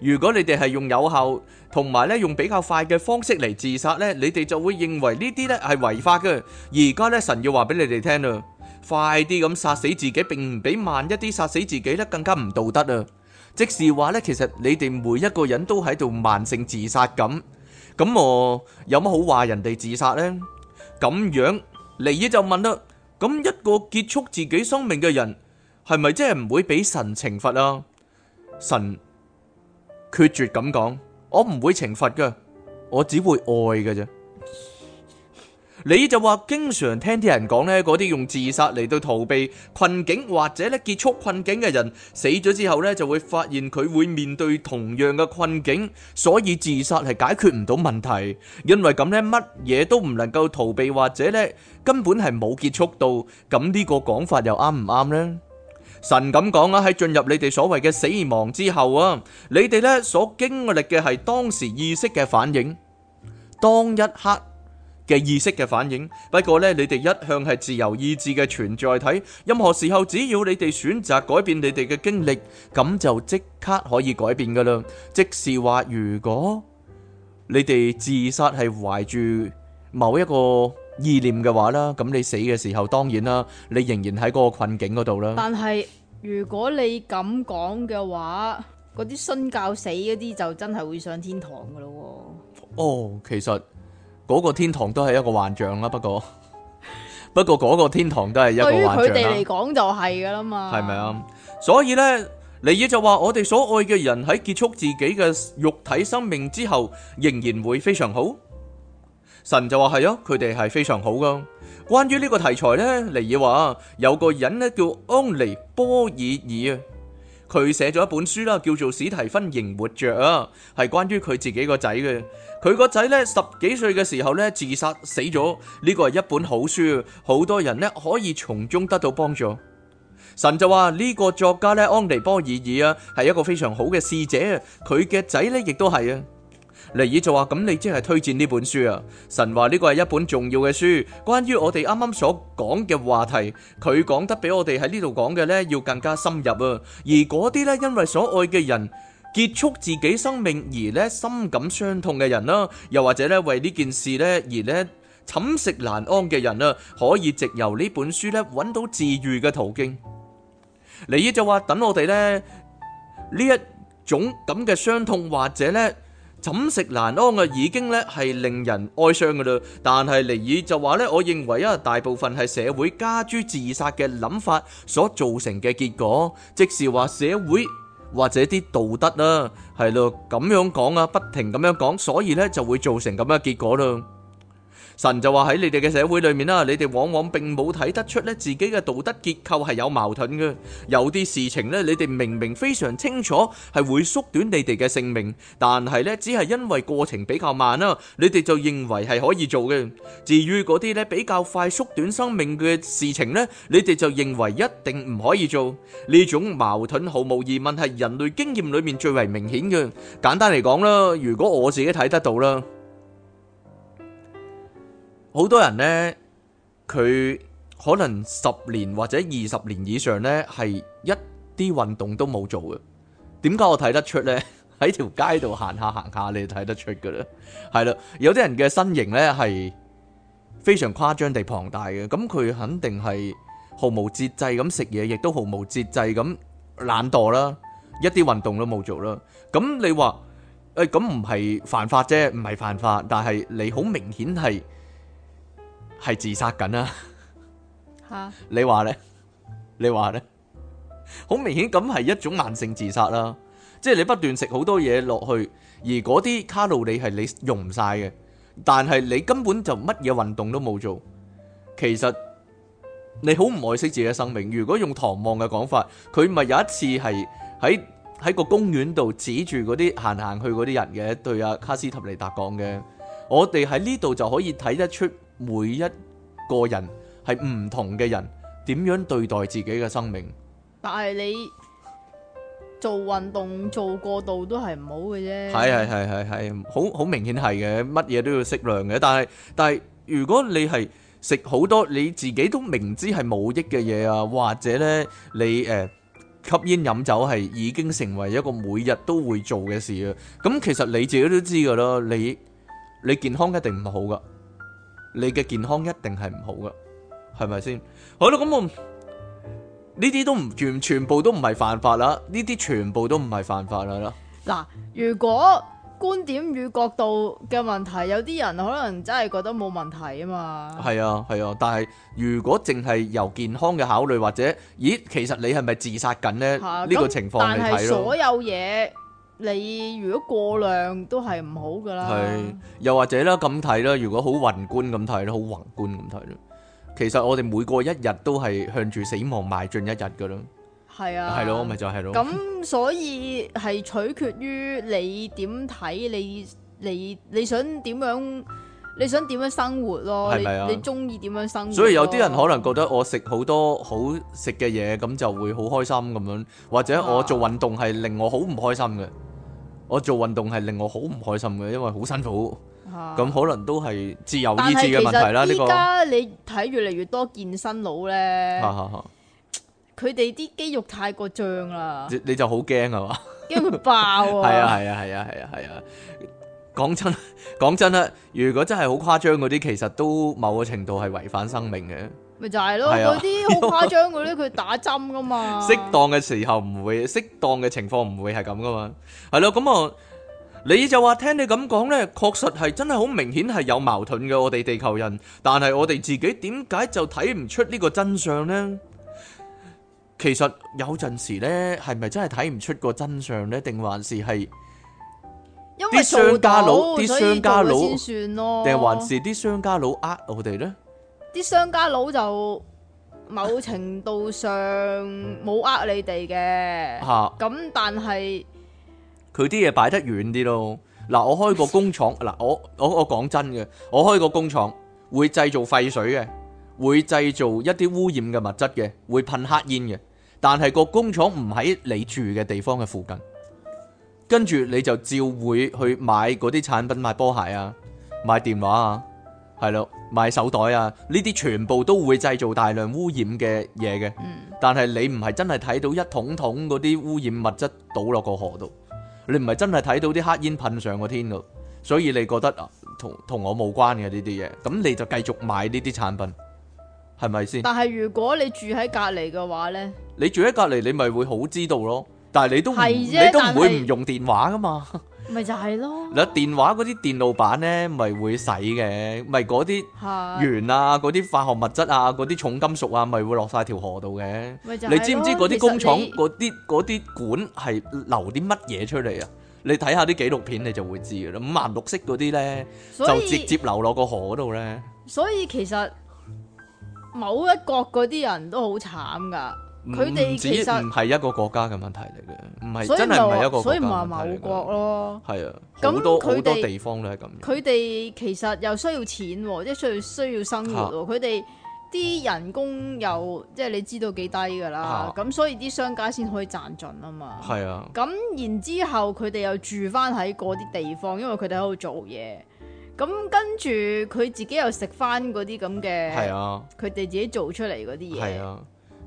如果你哋係用有效同埋咧用比較快嘅方式嚟自殺咧，你哋就會認為呢啲咧係違法嘅。而家咧神要話俾你哋聽啊，快啲咁殺死自己，並唔比慢一啲殺死自己咧更加唔道德啊！即是話咧，其實你哋每一個人都喺度慢性自殺咁，咁我有乜好話人哋自殺呢？咁樣，尼爾就問啦。咁一個結束自己生命嘅人，係咪真係唔會俾神懲罰啊？神決絕咁講：我唔會懲罰噶，我只會愛噶啫。你就話經常聽啲人講呢，嗰啲用自殺嚟到逃避困境或者咧結束困境嘅人，死咗之後呢，就會發現佢會面對同樣嘅困境，所以自殺係解決唔到問題，因為咁呢，乜嘢都唔能夠逃避或者呢，根本係冇結束到。咁呢個講法又啱唔啱呢？神咁講啊，喺進入你哋所謂嘅死亡之後啊，你哋呢，所經歷嘅係當時意識嘅反應，當一刻。嘅意識嘅反應，不過呢，你哋一向係自由意志嘅存在體，任何時候只要你哋選擇改變你哋嘅經歷，咁就即刻可以改變噶啦。即是話，如果你哋自殺係懷住某一個意念嘅話啦，咁你死嘅時候，當然啦，你仍然喺嗰個困境嗰度啦。但係如果你咁講嘅話，嗰啲殉教死嗰啲就真係會上天堂噶啦喎。哦，其實。嗰個天堂都係一個幻象啦，不過不過嗰個天堂都係一個幻象啦。對於佢哋嚟講就係噶啦嘛，係咪啊？所以呢，尼爾就話我哋所愛嘅人喺結束自己嘅肉體生命之後，仍然會非常好。神就話係啊，佢哋係非常好噶。關於呢個題材呢，尼爾話有個人呢叫安尼波爾爾啊。佢寫咗一本書啦，叫做《史提芬仍活着》啊，係關於佢自己個仔嘅。佢個仔咧十幾歲嘅時候咧自殺死咗，呢個係一本好書，好多人咧可以從中得到幫助。神就話呢、這個作家咧安迪波爾爾啊，係一個非常好嘅使者，佢嘅仔咧亦都係啊。尼爾就話：咁你即係推薦呢本書啊？神話呢個係一本重要嘅書，關於我哋啱啱所講嘅話題，佢講得比我哋喺呢度講嘅咧要更加深入啊！而嗰啲咧因為所愛嘅人結束自己生命而咧心感傷痛嘅人啦，又或者咧為呢件事咧而咧寢食難安嘅人啦，可以藉由呢本書咧搵到治愈嘅途徑。尼爾就話：等我哋咧呢一種咁嘅傷痛或者咧。飲食難安啊，已經咧係令人哀傷噶啦。但係尼爾就話咧，我認為啊，大部分係社會加諸自殺嘅諗法所造成嘅結果，即是話社會或者啲道德啦，係咯，咁樣講啊，不停咁樣講，所以咧就會造成咁樣嘅結果啦。神就話喺你哋嘅社會裏面啦，你哋往往並冇睇得出咧自己嘅道德結構係有矛盾嘅。有啲事情咧，你哋明明非常清楚係會縮短你哋嘅性命，但係咧只係因為過程比較慢啦，你哋就認為係可以做嘅。至於嗰啲咧比較快縮短生命嘅事情咧，你哋就認為一定唔可以做。呢種矛盾毫無疑問係人類經驗裏面最為明顯嘅。簡單嚟講啦，如果我自己睇得到啦。好多人呢，佢可能十年或者二十年以上呢，係一啲運動都冇做嘅。點解我睇得出呢？喺 [LAUGHS] 條街度行下行下，你就睇得出噶啦。係 [LAUGHS] 啦，有啲人嘅身形呢，係非常誇張地龐大嘅，咁佢肯定係毫無節制咁食嘢，亦都毫無節制咁懶惰啦，一啲運動都冇做啦。咁你話誒，咁唔係犯法啫，唔係犯法，但係你好明顯係。係自殺緊啦，吓？ [LAUGHS] 你話呢？你話呢？好明顯咁係一種慢性自殺啦，啊，即係你不斷食好多嘢落去，而嗰啲卡路里係你用唔晒嘅，但係你根本就乜嘢運動都冇做，其實你好唔愛惜自己嘅生命。如果用唐望嘅講法，佢咪有一次係喺喺個公園度指住嗰啲行行去嗰啲人嘅，對阿卡斯塔尼達講嘅，我哋喺呢度就可以睇得出。每一個人係唔同嘅人，點樣對待自己嘅生命？但係你做運動做過度都係唔好嘅啫。係係係係係，好好明顯係嘅，乜嘢都要適量嘅。但係但係，如果你係食好多你自己都明知係冇益嘅嘢啊，或者呢你誒吸煙飲酒係已經成為一個每日都會做嘅事啊，咁其實你自己都知噶啦，你你健康一定唔好噶。你嘅健康一定係唔好噶，係咪先？好啦，咁我呢啲都唔完，全部都唔係犯法啦。呢啲全部都唔係犯法啦。嗱，如果觀點與角度嘅問題，有啲人可能真係覺得冇問題啊嘛。係啊，係啊，但係如果淨係由健康嘅考慮，或者咦，其實你係咪自殺緊呢？呢、啊、個情況嚟睇咯。但係是所有嘢。你如果過量都係唔好㗎喇，係又或者咧咁睇咧，如果好宏觀咁睇咧，好宏觀咁睇咧，其實我哋每過一日都係向住死亡邁進一日㗎囉，係啊，係囉，咪就係囉，咁所以係取決於你點睇，你你你想點樣？你想點樣生活咯？係咪啊？你中意點樣生活？所以有啲人可能覺得我食好多好食嘅嘢，咁就會好開心咁樣。或者我做運動係令我好唔開心嘅。啊、我做運動係令我好唔開心嘅，因為好辛苦。咁、啊、可能都係自由意志嘅問題啦。呢個而家你睇越嚟越多健身佬咧，佢哋啲肌肉太過脹啦。你就好驚係嘛？驚 [LAUGHS] 佢爆啊！啊係啊係啊係啊係啊！講真，講真啦，如果真係好誇張嗰啲，其實都某個程度係違反生命嘅，咪就係咯。嗰啲好誇張嗰啲，佢 [LAUGHS] 打針噶嘛。適當嘅時候唔會，適當嘅情況唔會係咁噶嘛。係咯，咁啊，你就話聽你咁講呢，確實係真係好明顯係有矛盾嘅。我哋地球人，但係我哋自己點解就睇唔出呢個真相呢？其實有陣時呢，係咪真係睇唔出個真相呢？定還是係？因為商家佬，啲商家佬先算咯。定還是啲商家佬呃我哋咧？啲商家佬就某程度上冇呃你哋嘅吓。咁 [LAUGHS] 但係佢啲嘢擺得遠啲咯。嗱，我開個工廠，嗱，我我我講真嘅，我開個工廠會製造廢水嘅，會製造一啲污染嘅物質嘅，會噴黑煙嘅。但係個工廠唔喺你住嘅地方嘅附近，跟住你就照會去買嗰啲產品，買波鞋啊，買電話啊，係咯，買手袋啊，呢啲全部都會製造大量污染嘅嘢嘅。嗯，但係你唔係真係睇到一桶桶嗰啲污染物質倒落個河度，你唔係真係睇到啲黑煙噴上個天度，所以你覺得啊，同同我冇關嘅呢啲嘢，咁你就繼續買呢啲產品，係咪先？但係如果你住喺隔籬嘅話呢，你住喺隔籬，你咪會好知道咯。但係你都唔，的你都唔會唔用電話噶嘛？咪就係、是、咯。嗱，電話嗰啲電路板咧，咪會洗嘅，咪嗰啲鉛啊，嗰啲化學物質啊，嗰啲重金屬啊，咪會落晒條河度嘅。你知唔知嗰啲工廠嗰啲啲管係流啲乜嘢出嚟啊？你睇下啲紀錄片，你就會知噶啦。五顏六色嗰啲咧，以就直接流落個河度咧。所以其實某一國嗰啲人都好慘噶。佢哋其實唔係一個國家嘅問題嚟嘅，唔係真係唔係一個國家。所以咪話某國咯。係啊，咁多好多地方咧咁。佢哋其實又需要錢，即係需要需要生活。佢哋啲人工又即係你知道幾低噶啦。咁所以啲商家先可以賺盡啊嘛。係啊。咁然之後佢哋又住翻喺嗰啲地方，因為佢哋喺度做嘢。咁跟住佢自己又食翻嗰啲咁嘅。係啊。佢哋自己做出嚟嗰啲嘢。係啊。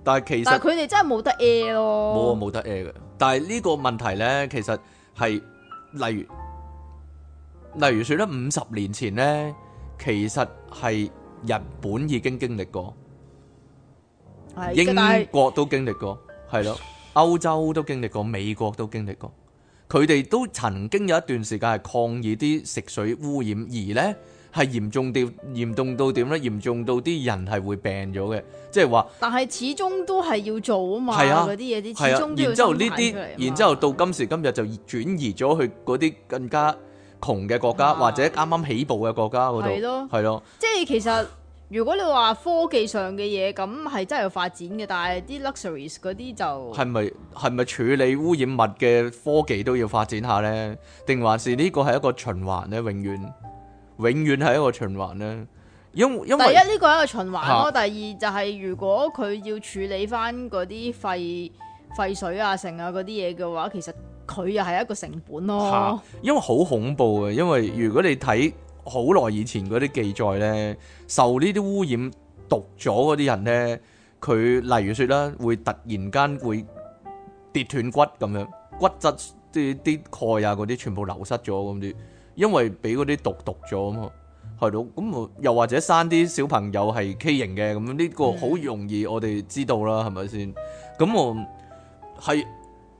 但係其實佢哋真係冇得 air 咯，哦，冇啊冇得 air 嘅。但係呢個問題咧，其實係例如例如，說咧五十年前咧，其實係日本已經經歷過，的英國都經歷過，係咯是，歐洲都經歷過，美國都經歷過，佢哋都曾經有一段時間係抗議啲食水污染而咧。係嚴重到，嚴重到點咧？嚴重到啲人係會病咗嘅，即係話。但係始終都係要做啊嘛，嗰啲嘢啲始終然。然之後呢啲，然之後到今時今日就轉移咗去嗰啲更加窮嘅國家，啊、或者啱啱起步嘅國家嗰度，係咯。即係其實如果你話科技上嘅嘢咁係真係要發展嘅， [LAUGHS] 但係啲 luxuries 嗰啲就係咪係咪處理污染物嘅科技都要發展下咧？定還是呢個係一個循環咧？永遠。永遠係一個循環咧，因因為第一呢個係一個循環咯，啊、第二就係如果佢要處理翻嗰啲廢廢水啊、剩啊嗰啲嘢嘅話，其實佢又係一個成本咯、啊。因為好恐怖啊，因為如果你睇好耐以前嗰啲記載咧，受呢啲污染毒咗嗰啲人咧，佢例如說啦，會突然間會跌斷骨咁樣，骨質啲啲鈣啊嗰啲全部流失咗咁啲。因為俾嗰啲毒毒咗啊嘛，係咯，咁又或者生啲小朋友係畸形嘅，咁呢個好容易我哋知道啦，係咪先？咁我係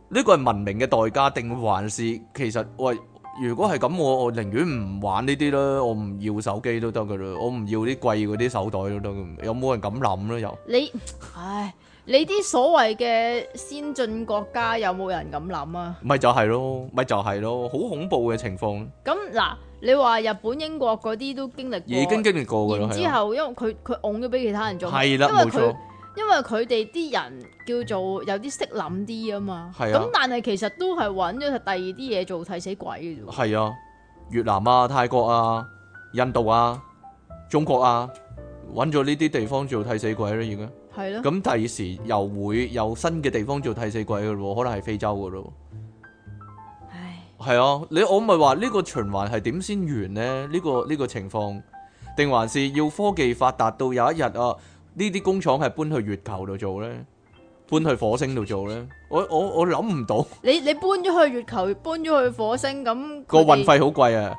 呢個係文明嘅代價，定還是其實喂？如果係咁，我我寧願唔玩呢啲啦，我唔要手機都得噶啦，我唔要啲貴嗰啲手袋都得。有冇人咁諗咧？又你唉～你啲所謂嘅先進國家有冇人咁諗啊？咪就係咯，咪就係咯，好恐怖嘅情況。咁嗱，你話日本、英國嗰啲都經歷過，已經經歷過嘅咯。然之後，係啊，因為佢佢拱咗俾其他人做，係啦，冇錯，因為佢因為佢哋啲人叫做有啲識諗啲啊嘛。係啊。咁但係其實都係揾咗第二啲嘢做替死鬼嘅啫。係啊，越南啊、泰國啊、印度啊、中國啊，揾咗呢啲地方做替死鬼啦，而家。咁第二時又會有新嘅地方做第四季噶咯，可能係非洲噶咯。係係唉啊，你我咪話呢個循環係點先完咧？呢、呢個呢、呢個情況，定還是要科技發達到有一日啊？呢啲工廠係搬去月球度做咧，搬去火星度做咧？我我我諗唔到。你你搬咗去月球，搬咗去火星咁個運費好貴啊！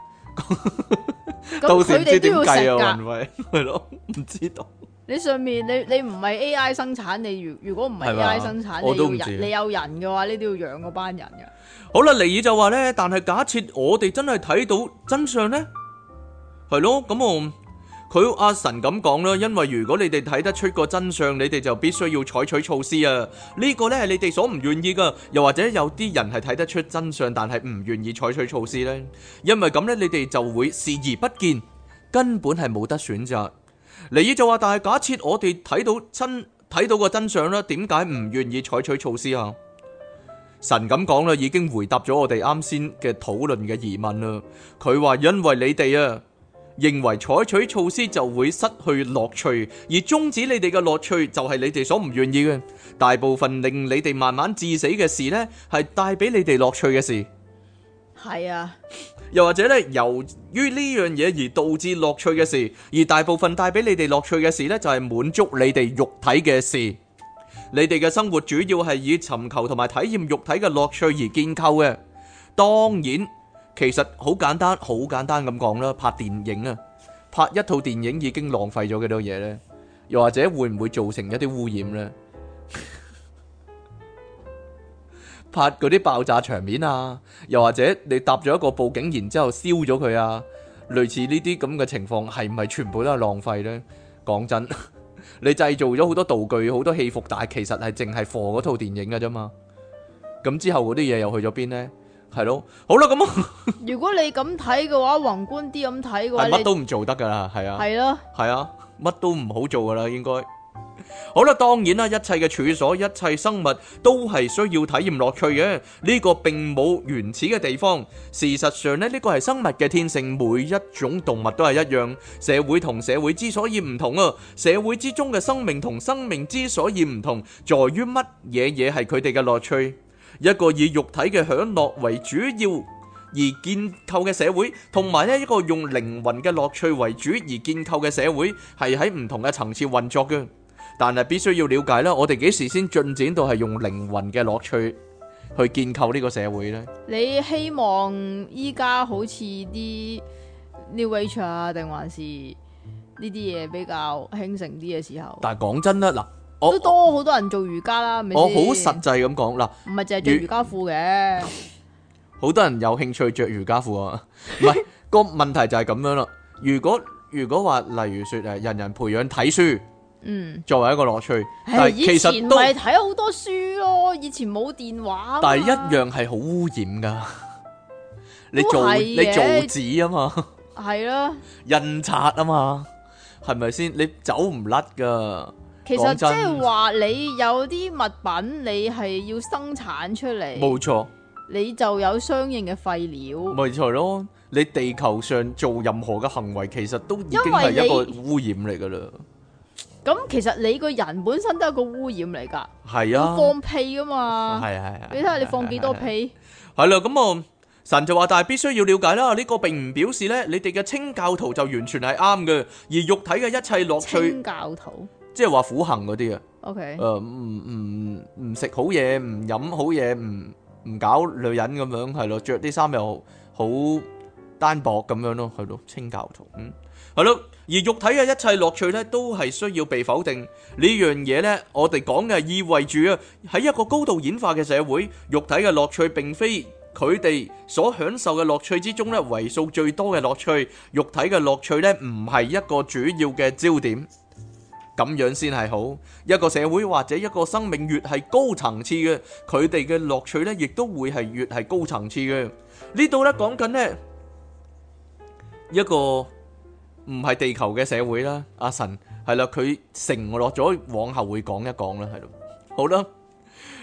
[LAUGHS] 到時佢哋都要計啊運費，係咯？唔 [LAUGHS] 知道。你上面你你唔係 AI 生產，你如如果唔係 AI 生產，吧你要人，你有人嘅話，你都要養嗰班人嘅。好啦，尼爾就話呢：「但係假設我哋真係睇到真相呢？係咯，咁、嗯、啊，佢阿神咁講啦，因為如果你哋睇得出個真相，你哋就必須要採取措施啊。這個、呢個呢，係你哋所唔願意噶，又或者有啲人係睇得出真相，但係唔願意採取措施呢？因為咁呢，你哋就會視而不見，根本係冇得選擇。尼爾就話，但係假設我哋睇到真睇到個真相啦，點解唔願意採取措施啊？神咁講啦，已經回答咗我哋啱先嘅討論嘅疑問啦。佢話因為你哋啊，認為採取措施就會失去樂趣，而終止你哋嘅樂趣就係你哋所唔願意嘅。大部分令你哋慢慢致死嘅事呢，係帶俾你哋樂趣嘅事。係啊。又或者咧，由於呢樣嘢而導致樂趣嘅事，而大部分帶俾你哋樂趣嘅事呢，就係滿足你哋肉體嘅事。你哋嘅生活主要係以尋求同埋體驗肉體嘅樂趣而建構嘅。當然，其實好簡單，好簡單咁講啦，拍電影啊，拍一套電影已經浪費咗幾多嘢呢？又或者會唔會造成一啲污染呢？ [LAUGHS] 拍嗰啲爆炸場面啊，又或者你搭咗一個布景，然之後燒咗佢啊，類似呢啲咁嘅情況，係唔係全部都係浪費咧？講真，你製造咗好多道具、好多戲服，但係其實係淨係放嗰套電影㗎啫嘛。咁之後嗰啲嘢又去咗邊咧？係咯，好啦，咁 [LAUGHS] 如果你咁睇嘅話，宏觀啲咁睇嘅話，係乜都唔做得噶啦，係啊，係啊，係啊，乜都唔好做噶啦，應該。好啦，當然啦，一切嘅處所，一切生物都係需要體驗樂趣嘅。呢個並冇原始嘅地方。事實上呢，呢個係生物嘅天性，每一種動物都係一樣。社會同社會之所以唔同啊，社會之中嘅生命同生命之所以唔同，在於乜嘢嘢係佢哋嘅樂趣。一個以肉體嘅享樂為主要而建構嘅社會，同埋呢一個用靈魂嘅樂趣為主而建構嘅社會，係喺唔同嘅層次運作嘅。.但係必須要了解啦，我哋幾時先進展到係用靈魂嘅樂趣去建構呢個社會咧？你希望依家好似啲 New Age 啊，定還是呢啲嘢，比較興盛啲嘅時候？但係講真啦，嗱，我都多好多人做瑜伽啦。我好實際咁講啦，唔係淨係做瑜伽褲嘅，好瑜 [LAUGHS] 多人有興趣着瑜伽褲啊。唔係個問題就係咁樣啦。如果如果話，例如說誒，人人，人培養睇書。嗯，作為一個樂趣，但係其實都睇好多書咯。以前冇電話，但係一樣係好污染噶。你做你造紙啊嘛，係咯，印刷啊嘛，係咪先？你走唔甩噶。其實即係話你有啲物品，你係要生產出嚟，冇錯，你就有相應嘅廢料，咪錯囉。你地球上做任何嘅行為，其實都已經係一個污染嚟噶啦。咁其實你個人本身都係個污染嚟㗎，係啊，放屁㗎嘛，你睇下你放幾多屁？係咯，咁我神就話，但係必須要了解啦，呢個並唔表示咧你哋嘅清教徒就完全係啱嘅，而肉體嘅一切樂趣，清教徒，即係話苦行嗰啲啊，誒唔唔唔食好嘢，唔飲好嘢，唔唔搞女人咁樣係咯，着啲衫又好單薄咁樣咯，係咯，清教徒，嗯，係咯。而肉體嘅一切樂趣咧，都係需要被否定呢樣嘢咧。我哋講嘅意味住啊，喺一個高度演化嘅社會，肉體嘅樂趣並非佢哋所享受嘅樂趣之中咧為數最多嘅樂趣。肉體嘅樂趣咧，唔係一個主要嘅焦點。咁樣先係好。一個社會或者一個生命越係高層次嘅，佢哋嘅樂趣咧，亦都會係越係高層次嘅。呢度咧講緊咧一個。唔係地球嘅社會啦，阿神係啦，佢承諾咗，往後會講一講啦，係咯。好啦，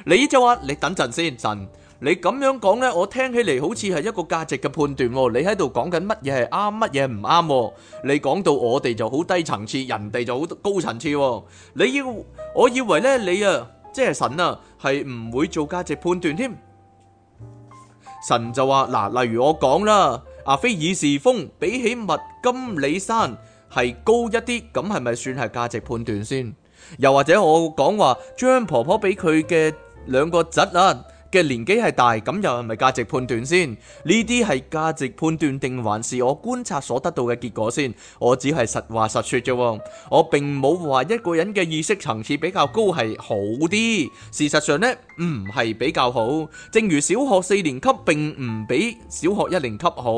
你就話你等陣先，神，你咁樣講呢，我聽起嚟好似係一個價值嘅判斷。你喺度講緊乜嘢係啱，乜嘢唔啱？你講到我哋就好低層次，人哋就好高層次。你要，我以為呢，你啊，即係神啊，係唔會做價值判斷添。神就話嗱，例如我講啦。阿菲爾時峰比起麥金里山係高一啲，咁係咪算係價值判斷先？又或者我講話張婆婆畀佢嘅兩個侄啊，嘅年紀係大，咁又係咪價值判斷先？呢啲係價值判斷定還是我觀察所得到嘅結果先？我只係實話實説啫，我並冇話一個人嘅意識層次比較高係好啲。事實上呢，唔係比較好。正如小學四年級並唔比小學一年級好，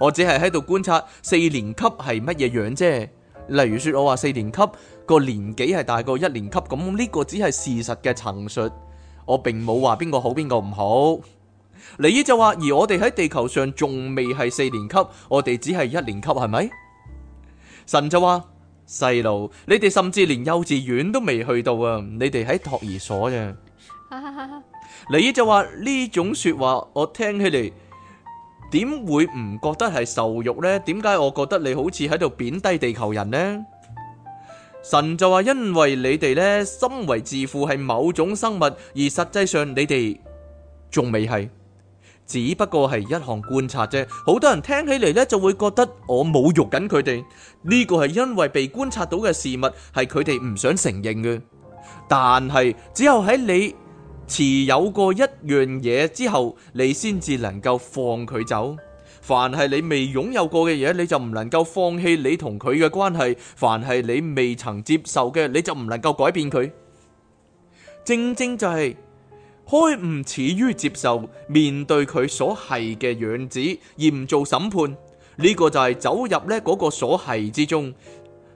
我只係喺度觀察四年級係乜嘢樣啫。例如説，我話四年級個年紀係大過一年級，咁、那、呢個只係事實嘅陳述。我並冇話邊個好邊個唔好，李姨就話，而我哋喺地球上仲未係四年級，我哋只係一年級，係咪？神就話：細路，你哋甚至連幼稚園都未去到啊！你哋喺托兒所啫。李姨 [LAUGHS] 就話呢種說話，我聽起嚟點會唔覺得係受辱呢？點解我覺得你好似喺度貶低地球人呢？」神就話：因為你哋呢，身為自負，係某種生物，而實際上你哋仲未係，只不過係一項觀察啫。好多人聽起嚟呢，就會覺得我侮辱緊佢哋，呢、這個係因為被觀察到嘅事物係佢哋唔想承認嘅。但係只有喺你持有過一樣嘢之後，你先至能夠放佢走。凡係你未擁有過嘅嘢，你就唔能夠放棄你同佢嘅關係；凡係你未曾接受嘅，你就唔能夠改變佢。正正就係開悟，始於接受面對佢所係嘅樣子，而唔做審判。呢、這個就係走入呢嗰個所係之中。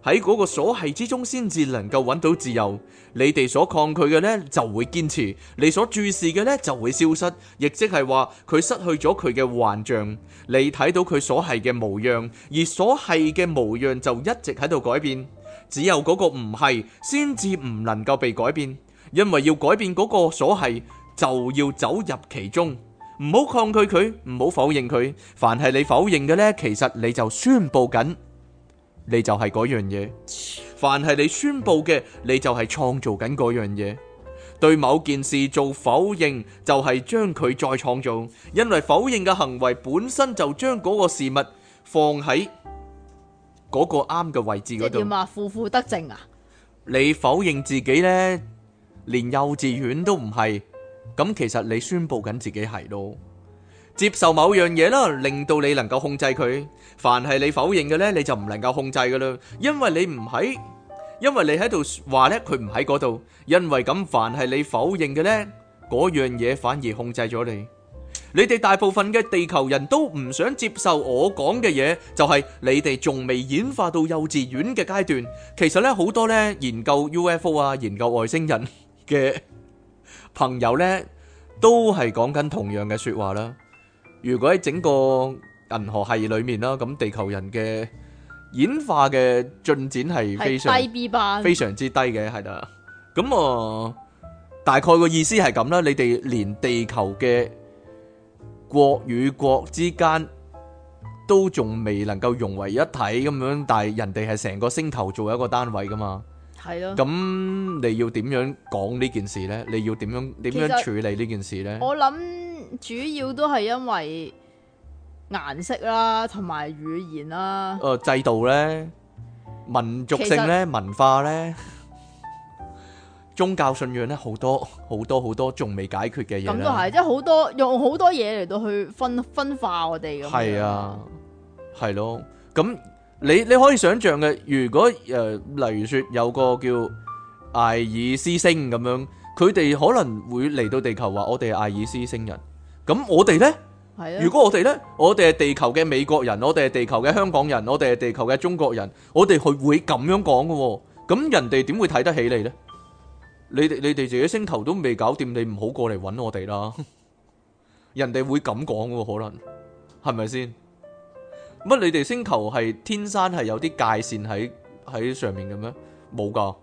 喺嗰個所係之中，先至能夠揾到自由。你哋所抗拒嘅呢，就會堅持；你所注視嘅呢，就會消失。亦即係話，佢失去咗佢嘅幻象。你睇到佢所係嘅模樣，而所係嘅模樣就一直喺度改變。只有嗰個唔係，先至唔能夠被改變。因為要改變嗰個所係，就要走入其中。唔好抗拒佢，唔好否認佢。凡係你否認嘅呢，其實你就宣布緊。你就係嗰樣嘢。凡係你宣布嘅，你就係創造緊嗰樣嘢。對某件事做否認，就係、是、將佢再創造，因為否認嘅行為本身就將嗰個事物放喺嗰個啱嘅位置嗰度。你負負得正啊？你否認自己呢？連幼稚園都唔係，咁其實你宣布緊自己係咯。接受某樣嘢啦，令到你能夠控制佢。凡係你否認嘅呢，你就唔能夠控制噶啦，因為你唔喺，因為你喺度話呢，佢唔喺嗰度。因為咁，凡係你否認嘅呢，嗰樣嘢反而控制咗你。你哋大部分嘅地球人都唔想接受我講嘅嘢，就係你哋仲未演化到幼稚園嘅階段。其實呢，好多呢研究 UFO 啊，研究外星人嘅朋友呢，都係講緊同樣嘅說話啦。如果喺整個銀河系裏面啦，咁地球人嘅演化嘅進展係非常非常之低嘅，係啦。咁啊、呃，大概個意思係咁啦。你哋連地球嘅國與國之間都仲未能夠融為一體咁樣，但係人哋係成個星球做一個單位噶嘛。係咯是的。咁你要點樣講呢件事呢？你要點樣點樣處理呢件事呢？我諗。主要都係因為顏色啦，同埋語言啦。誒、呃，制度咧、民族性咧、實文化咧、 [LAUGHS] 宗教信仰咧，好多好多好多仲未解決嘅嘢。咁都係，即係好多用好多嘢嚟到去分分化我哋。係啊，係咯。咁你你可以想象嘅，如果誒、呃，例如說有個叫艾爾斯星咁樣，佢哋可能會嚟到地球話：我哋係艾爾斯星人。咁我哋呢，如果我哋呢，我哋係地球嘅美國人，我哋係地球嘅香港人，我哋係地球嘅中國人，我哋係會咁樣講嘅，咁人哋點會睇得起你呢？你哋，你哋自己星球都未搞掂，你唔好過嚟搵我哋啦。人哋會咁講噶，可能係咪先？乜你哋星球係天生係有啲界線喺喺上面嘅咩？冇噶。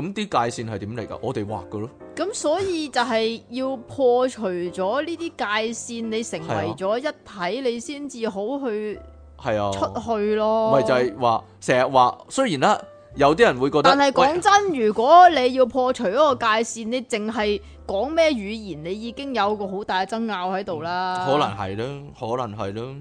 咁啲界線係點嚟噶？我哋畫噶咯。咁所以就係要破除咗呢啲界線，你成為咗一體，啊、你先至好去係啊出去咯。咪就係話成日話，雖然啦，有啲人會覺得。但係講真，喂如果你要破除嗰個界線，你淨係講咩語言，你已經有個好大嘅爭拗喺度啦。可能係咯，可能係咯，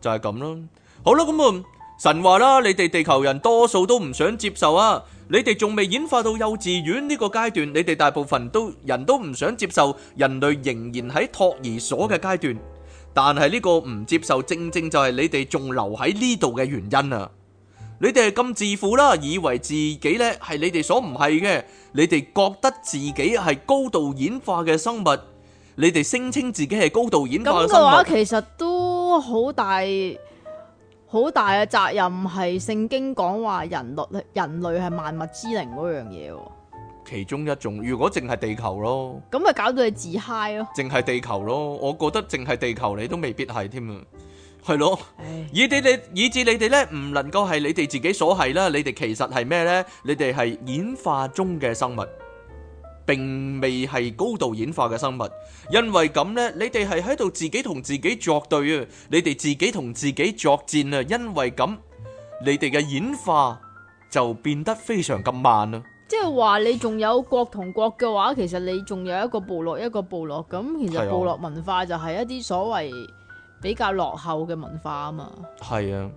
就係咁咯。好啦，咁啊神話啦，你哋地球人多數都唔想接受啊。你哋仲未演化到幼稚園呢個階段，你哋大部分都人都唔想接受，人類仍然喺托兒所嘅階段。但係呢個唔接受，正正就係你哋仲留喺呢度嘅原因啊！你哋係咁自負啦，以為自己呢係你哋所唔係嘅，你哋覺得自己係高度演化嘅生物，你哋聲稱自己係高度演化嘅生物。咁嘅話，其實都好大。好大嘅責任。係聖經講話，人類人類係萬物之靈嗰樣嘢，其中一種。如果淨係地球咯，咁咪搞到你自嗨 i g h 咯？淨係地球咯，我覺得淨係地球你都未必係添啊，係咯？咯唉以你哋，以至你哋咧唔能夠係你哋自己所係啦，你哋其實係咩咧？你哋係演化中嘅生物。並未係高度演化嘅生物，因為咁咧，你哋係喺度自己同自己作對啊！你哋自己同自己作戰啊！因為咁，你哋嘅演化就變得非常咁慢啦。即係話你仲有國同國嘅話，其實你仲有一個部落一個部落咁，其實部落文化就係一啲所謂比較落後嘅文化啊嘛。係啊，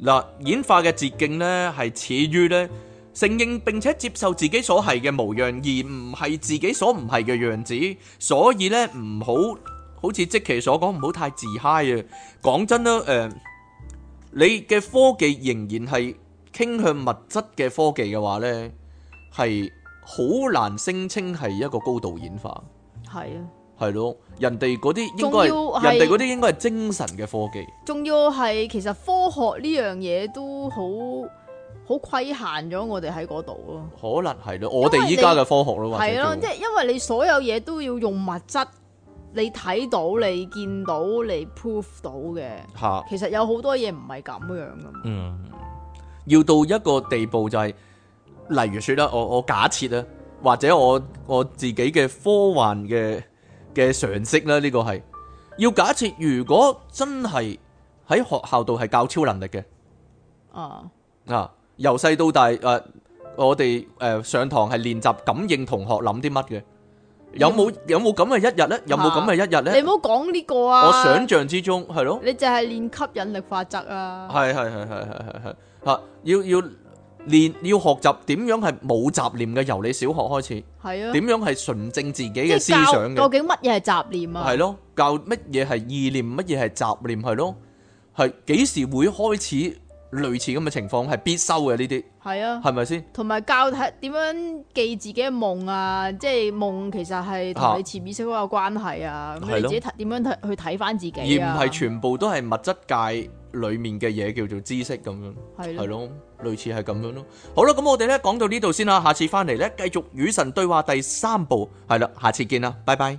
嗱，演化嘅捷徑咧，係始於咧，承認並且接受自己所係嘅模樣，而唔係自己所唔係嘅樣子，所以呢，唔好好似即其所講，唔好太自嗨啊！講真啦，誒，你嘅科技仍然係傾向物質嘅科技嘅話呢，係好難聲稱係一個高度演化。係啊，係咯，人哋嗰啲應該係人哋啲應該係精神嘅科技。仲要係其實科學呢樣嘢都好。好規限咗我哋喺嗰度咯，可能係咯，我哋依家嘅科學咯，係咯，即係、啊就是、因為你所有嘢都要用物質，你睇到、你見到、你 prove 到嘅，吓，其實有好多嘢唔係咁樣噶嘛，嗯，要到一個地步就係、是，例如說啦，我我假設啦，或者我我自己嘅科幻嘅嘅常識咧，呢、這個係，要假設如果真係喺學校度係教超能力嘅，啊啊！啊由細到大，誒，我哋誒上堂係練習感應同學諗啲乜嘅，有冇有冇咁嘅一日咧？有冇咁嘅一日咧？你唔好講呢個啊！我想象之中係咯。你淨係練吸引力法則啊？係係係係係係係吓，要要練要學習點樣係冇雜念嘅，由你小學開始係啊。點樣係純正自己嘅思想嘅？究竟乜嘢係雜念啊？係咯，教乜嘢係意念，乜嘢係雜念，係咯，係幾時會開始？類似咁嘅情況係必修嘅，呢啲係啊，係咪先？同埋教睇點樣記自己嘅夢啊，即係夢其實係同你潛意識都有關係啊。咁、啊、你自己睇點樣睇去睇翻自己、啊，而唔係全部都係物質界裏面嘅嘢叫做知識咁樣係咯、啊啊啊，類似係咁樣咯。好啦，咁我哋咧講到呢度先啦。下次翻嚟咧，繼續與神對話第三部係啦。下次見啦，拜拜。